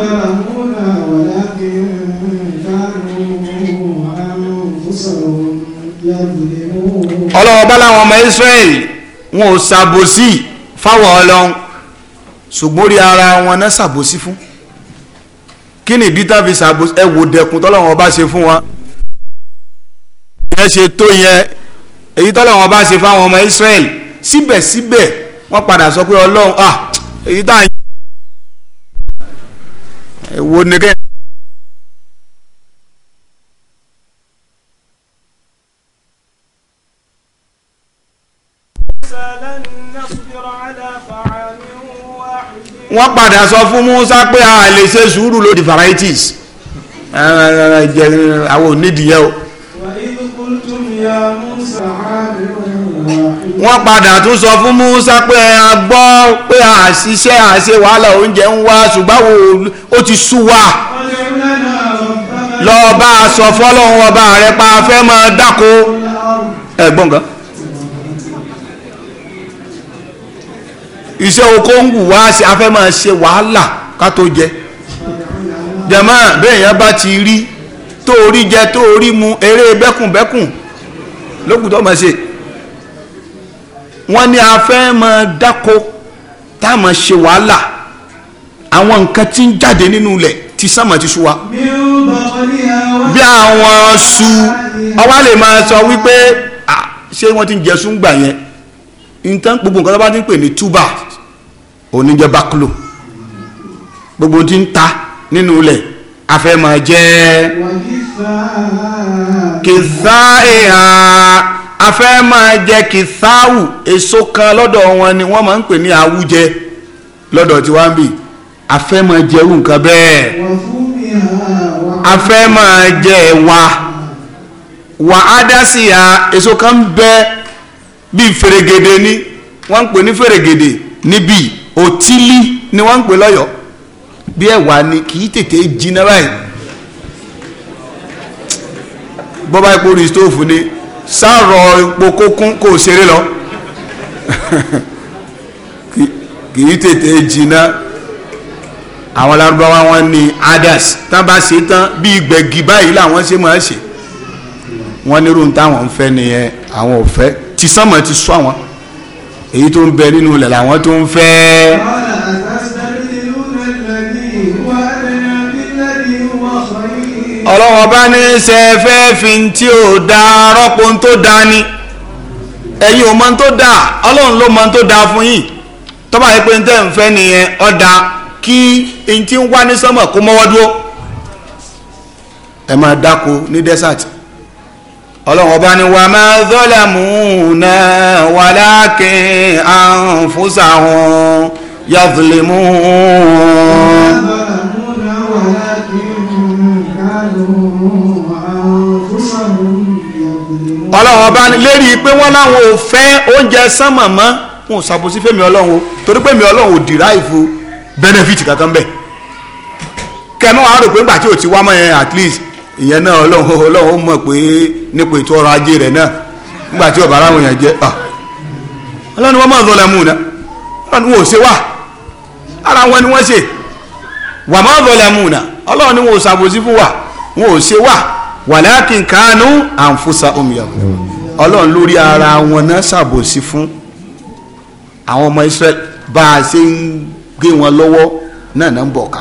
ọlọ́wọ́ bá láwọn ọmọ Israel wọn ò ṣàbòsí fáwọn ọlọ́run ṣùgbọ́n orí ara wọn náà ṣàbòsí fún kí ni ìdí tá fi ẹ wò dẹkùn tọ́lọ́wọ́n bá ṣe fún wọn yẹn ṣe tó yẹn èyí tọ́lọ̀ wọn bá ṣe fáwọn ọmọ Israel síbẹ̀síbẹ̀ wọ́n padà sọ pé Ọlọ́run ah èyí tá à ń yẹ wo ni kẹ́ wọ́n padà sọ fún Musa pé a lè ṣe sùúrù lòdì varieties àwọn onídìí yẹn o wọ́n padà tún sọ fún Musa pé a gbọ́ pé àṣìṣe àṣe wàhálà oúnjẹ ń wá ṣùgbọ́n ó ti sú wa lọ bá a sọ fọ́lọ́hún ọba rẹ̀ pa fẹ́ mọ́ dáko ẹ̀gbọ́n kan iṣẹ́ oko ń wù wá sí afẹ́ máa ṣe wàhálà ká tó jẹ jẹ̀mọ́ bẹ́ẹ̀ yẹn bá ti rí tó rí jẹ tó rí mu eré bẹ́kùnbẹ́kùn lókùn tó máa ṣe wọ́n ní a fẹ́ máa dáko tá a máa ṣe wàhálà àwọn nǹkan tí ń jáde nínú ilẹ̀ tí sánmà ti sú wa bí àwọn su ọwọ́ lè máa sọ wípé ṣé wọ́n ti ń jẹsùn gbà yẹn nǹkan gbogbo nǹkan tó bá ti ń pè ní túbà oníjẹ bákúlò gbogbo ti ń ta nínú ilẹ̀ afẹ́ máa jẹ́ kìsáìhà afẹ́ máa jẹ kìsáwù èso kan lọ́dọ̀ wọn ni wọ́n máa ń pè ní awújẹ lọ́dọ̀ tí wọ́n jẹ irú nǹkan bẹ́ẹ̀ máa jẹ wà á dá sí ha èso kan ń bẹ bíi fèrègèdè ni wọ́n ń ni wọ́n ń pè bí bọ́bá epo rí stóòfù ni sáàrọ̀ epo kókún kò ṣeré lọ [laughs] kì í tètè jìnnà àwọn lárúbáwá wọn ní adas tán bá ṣe tán bí gbẹ̀gì báyìí làwọn ṣe máa ṣe wọn nírú táwọn ń fẹ́ nìyẹn àwọn ò fẹ́ tìsánmọ̀ ti sọ àwọn èyí tó ń bẹ nínú ilẹ̀ làwọn tó ń fẹ́. ọlọ́wọ́ bá ní ṣe fẹ́ fi tí ò da rọ́pò tó da ni ẹ̀yin ò mọ tó da ọlọ́run ló mọ tó da fún yìí tó bá pé ń tẹ́ ń fẹ́ nìyẹn ọ̀dà kí n ti ń wá ní sọ́mọ̀ kó mọ́wọ́ dúró ẹ máa dáko ní ọlọ́run ọba lérí pé wọ́n láwọn ò fẹ́ oúnjẹ sánmà mọ́ wọn ò ṣàbòsí fẹ́mi ọlọ́run o torí pé mi ọlọ́run ò dìráìfù benefit kankan bẹ́ẹ̀ kẹmọ́ àwọn rò pé nígbà tí ò ti wá mọ́ yẹn at least ìyẹn náà ọlọ́run [laughs] ọlọ́run ó mọ̀ pé nípa ètò ọrọ̀ ajé rẹ̀ náà nígbà tí ọ̀bà aráwọ̀ yẹn jẹ́ ah. ọlọ́run wọn mọ̀ ọ̀dọ́ lẹ́mú náà ọlọ́run wọn ò ṣe wá ara wọn ni wọ́n ṣe wà ọ̀dọ́ lẹ́mú ọlọ́run wọn ò fún wa wọn ò ṣe wá Walakin kánú àǹfùsà omiyàn ọlọ́run lórí ara wọn náà ṣàbòsí fún àwọn ọmọ Israel bá a ṣe ń gbé wọn lọ́wọ́ náà náà ń bọ̀ ká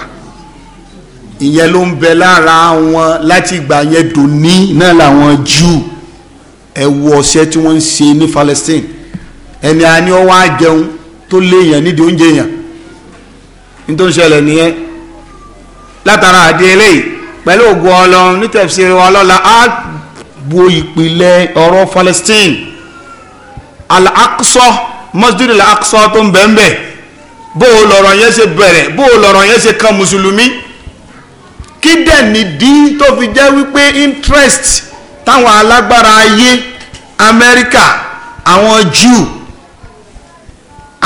ìyẹn ló ń bẹ lára wọn láti ìgbà yẹn dòní náà làwọn Júù ẹ wo ọṣẹ tí wọ́n ń ṣe ní Palestine ẹni a ní ọwọ́ àjẹun tó léèyàn nídìí oúnjẹ yàn nítorí ṣẹlẹ̀ nìyẹn látara àdé eléyìí pẹ̀lú ògùn ọlọ́run ní tẹ̀síri ọlọ́la á bo ìpìlẹ̀ ọ̀rọ̀ Palestine al-Aqsa masjid al-Aqsa tó ń bẹ́ẹ̀ bẹ́ẹ̀ bó o lọ̀rọ̀ yẹn ṣe bẹ̀rẹ̀ bó o lọ̀rọ̀ yẹn ṣe kan mùsùlùmí kí dẹ̀ nìdí tó fi jẹ́ wípé interest táwọn alágbára ayé Amẹ́ríkà àwọn Jew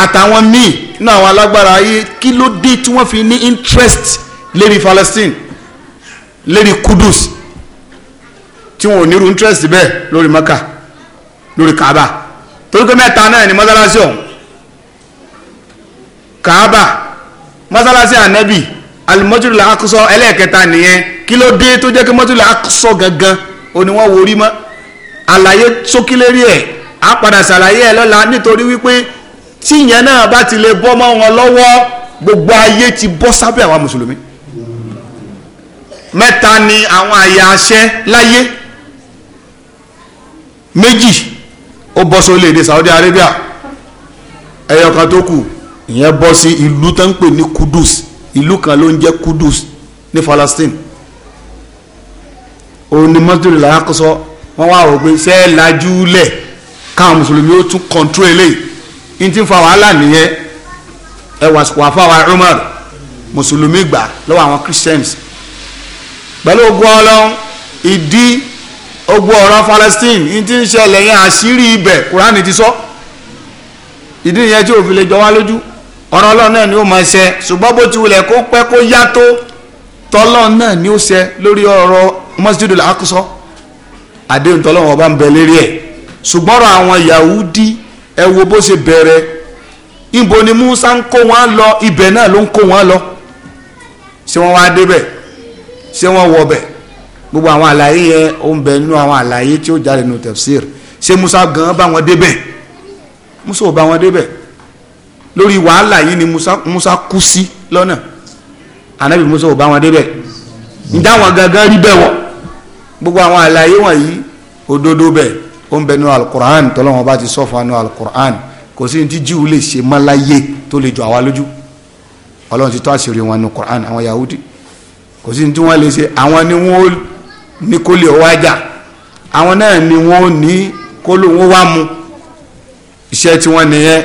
àtàwọn míì náà àwọn alágbára ayé kí ló dé tí wọ́n fi ní interest lérí Palestine lérí kudus tí wọn ò ní ru interest bẹ́ẹ̀ lórí maka lórí kaaba torí pé mẹ́ta náà ni mọ́sálásí ọ̀hún kaaba mọ́sálásí anabi alimọ́tòlá akọ́sọ ẹlẹ́ẹ̀kẹta nìyẹn kí ló dé tó jẹ́ kí mọ́tòlá akọ́sọ gangan ó ní wọ́n worí mọ́ àlàyé sókílérí ẹ̀ á padà ṣàlàyé ẹ̀ lọ́la nítorí wípé tíyẹn náà bá ti lè bọ́ mọ́ wọn lọ́wọ́ gbogbo ayé ti bọ́ sábẹ́ àwa mùsùlùmí mẹ́ta ni àwọn àyà àṣẹ láyé méjì ó bọ́ sí orílẹ̀-èdè Saudi Arabia ẹyọ kan tó kù ìyẹn bọ́ sí ìlú tó ń pè ní Kudus ìlú kan ló ń jẹ́ Kudus ní Palestine òun ni mọ́tòrì làákọ́sọ wọ́n wá wò pé ṣẹ́ lajú lẹ̀ káwọn mùsùlùmí ó tún kọ̀ǹtró eléyìí ní ti fa wàhálà nìyẹn ẹ wà fáwọn Umar mùsùlùmí gbà lọ́wọ́ àwọn Christians pẹ̀lú ogun ọlọ́run ìdí ogun ọ̀rọ̀ Palestine ní ti ń ṣẹlẹ̀ yẹn àṣírí ibẹ̀ Kúránì ti sọ ìdí yẹn tí òfin lè jọ wá lójú ọ̀rọ̀ ọlọ́run náà ni ó máa ṣẹ ṣùgbọ́n bó ti wulẹ̀ kó pẹ́ kó yá tó tọ́lọ́run náà ni ó ṣẹ lórí ọ̀rọ̀ Masjidul Aqsa àdéhùn tọ́lọ́run ọba ń bẹ lérí ẹ̀ ṣùgbọ́n ọ̀rọ̀ àwọn Yahudi ẹ wo bó ṣe bẹ̀rẹ̀ ibo ni Musa ń kó wọn lọ ibẹ̀ náà ló ń kó wọn lọ ṣé wọ́n wá débẹ̀ ṣé wọ́n wọ bẹ̀ gbogbo àwọn àlàyé yẹn ó ń bẹ nínú àwọn àlàyé tí ó jáde nínú tafsir ṣé Musa gan bá wọn débẹ̀ Musa ò bá wọn débẹ̀ lórí wàhálà yìí ni Musa Musa kú sí lọ́nà anabi Musa ò bá wọn débẹ̀ ǹjẹ́ àwọn gangan rí bẹ́ẹ̀ wọ̀ gbogbo àwọn àlàyé wọ̀nyí òdodo bẹ́ẹ̀ ó ń bẹ nínú alukur'an tọ́lọ́wọ́n bá ti sọ́fà nínú alukur'an kò sí ní tí jíù lè ṣe mọ́ tó lè jọ àwa lójú ọlọ́run ti tọ́ àṣírí wọn nínú kur'an àwọn Yahudi kò sí ní tí wọ́n lè ṣe àwọn ni wọ́n ní kó lè ọwọ́ ajá àwọn náà ni wọ́n ní kó ló wọ́n wá mu iṣẹ́ tí wọ́n nìyẹn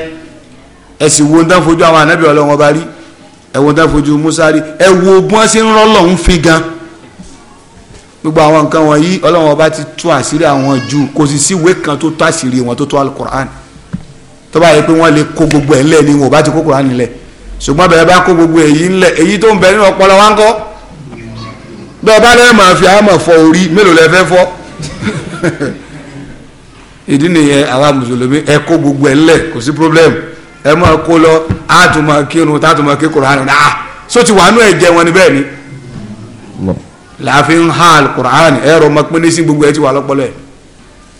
ẹ sì wo dán fojú àwọn ànábì ọlọ́wọ́n bá rí ẹ wo dán fojú Musa rí ẹ wo bí ṣe ń rọ́lọ̀ ń fi gan gbogbo àwọn nǹkan wọ̀nyí ọlọ́wọ́n bá ti tú àṣírí àwọn jù kò sì síwèé kan tó tó àṣírí wọn tó tó alukur'an tó bá yẹ pé wọ́n lè kó gbogbo ẹ̀ ńlẹ̀ ni wọn ò bá ti kó kur'an nílẹ̀ ṣùgbọ́n bẹ̀rẹ̀ bá kó gbogbo èyí ńlẹ̀ èyí tó ń bẹ nínú ọpọlọ wa ń kọ́ bẹ́ẹ̀ bá lẹ́yìn máa fi àmọ̀ fọ orí mélòó lẹ fẹ́ fọ́ ìdí nìyẹn àwa mùsùlùmí ẹ kó gbogbo ẹ ńlẹ̀ kò sí problem ẹ máa kó lọ àtùmọ̀ kírun tàtùmọ̀ kí kùránù náà ah, só ti wàánú ẹ jẹ wọn ni bẹ́ẹ̀ ni láàfin hàn kùránù ẹ rọ ọmọ pínín sí gbogbo ẹ ti wà lọ́pọ̀lọ́ ẹ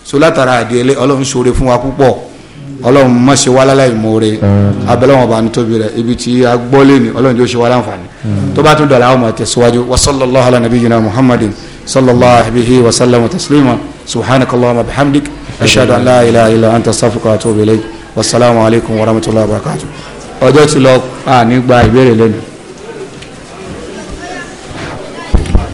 so látara àdìẹ ọlọ́run ṣoore fún wa púpọ̀ ọlọ́run mọ̀ ṣe wá láláì mọ́re abẹ́lẹ́wọ̀n ọba ní tóbi rẹ̀ ibi tí a gbọ́ lẹ́nu ọlọ́run yóò ṣe wá láǹfààní tó bá tún dọ̀la àwọn ọmọ tẹ̀síwájú wa sallallahu ala nabiyyina muhammadin sallallahu alayhi wa sallam wa taslima subhanakallahumma bihamdik ashhadu an la ilaha illa anta astaghfiruka wa atubu ilayk wasalaamu alaykum wa rahmatulahi wa barakatuh ọjọ́ ti lọ a ní ìbéèrè lẹ́nu.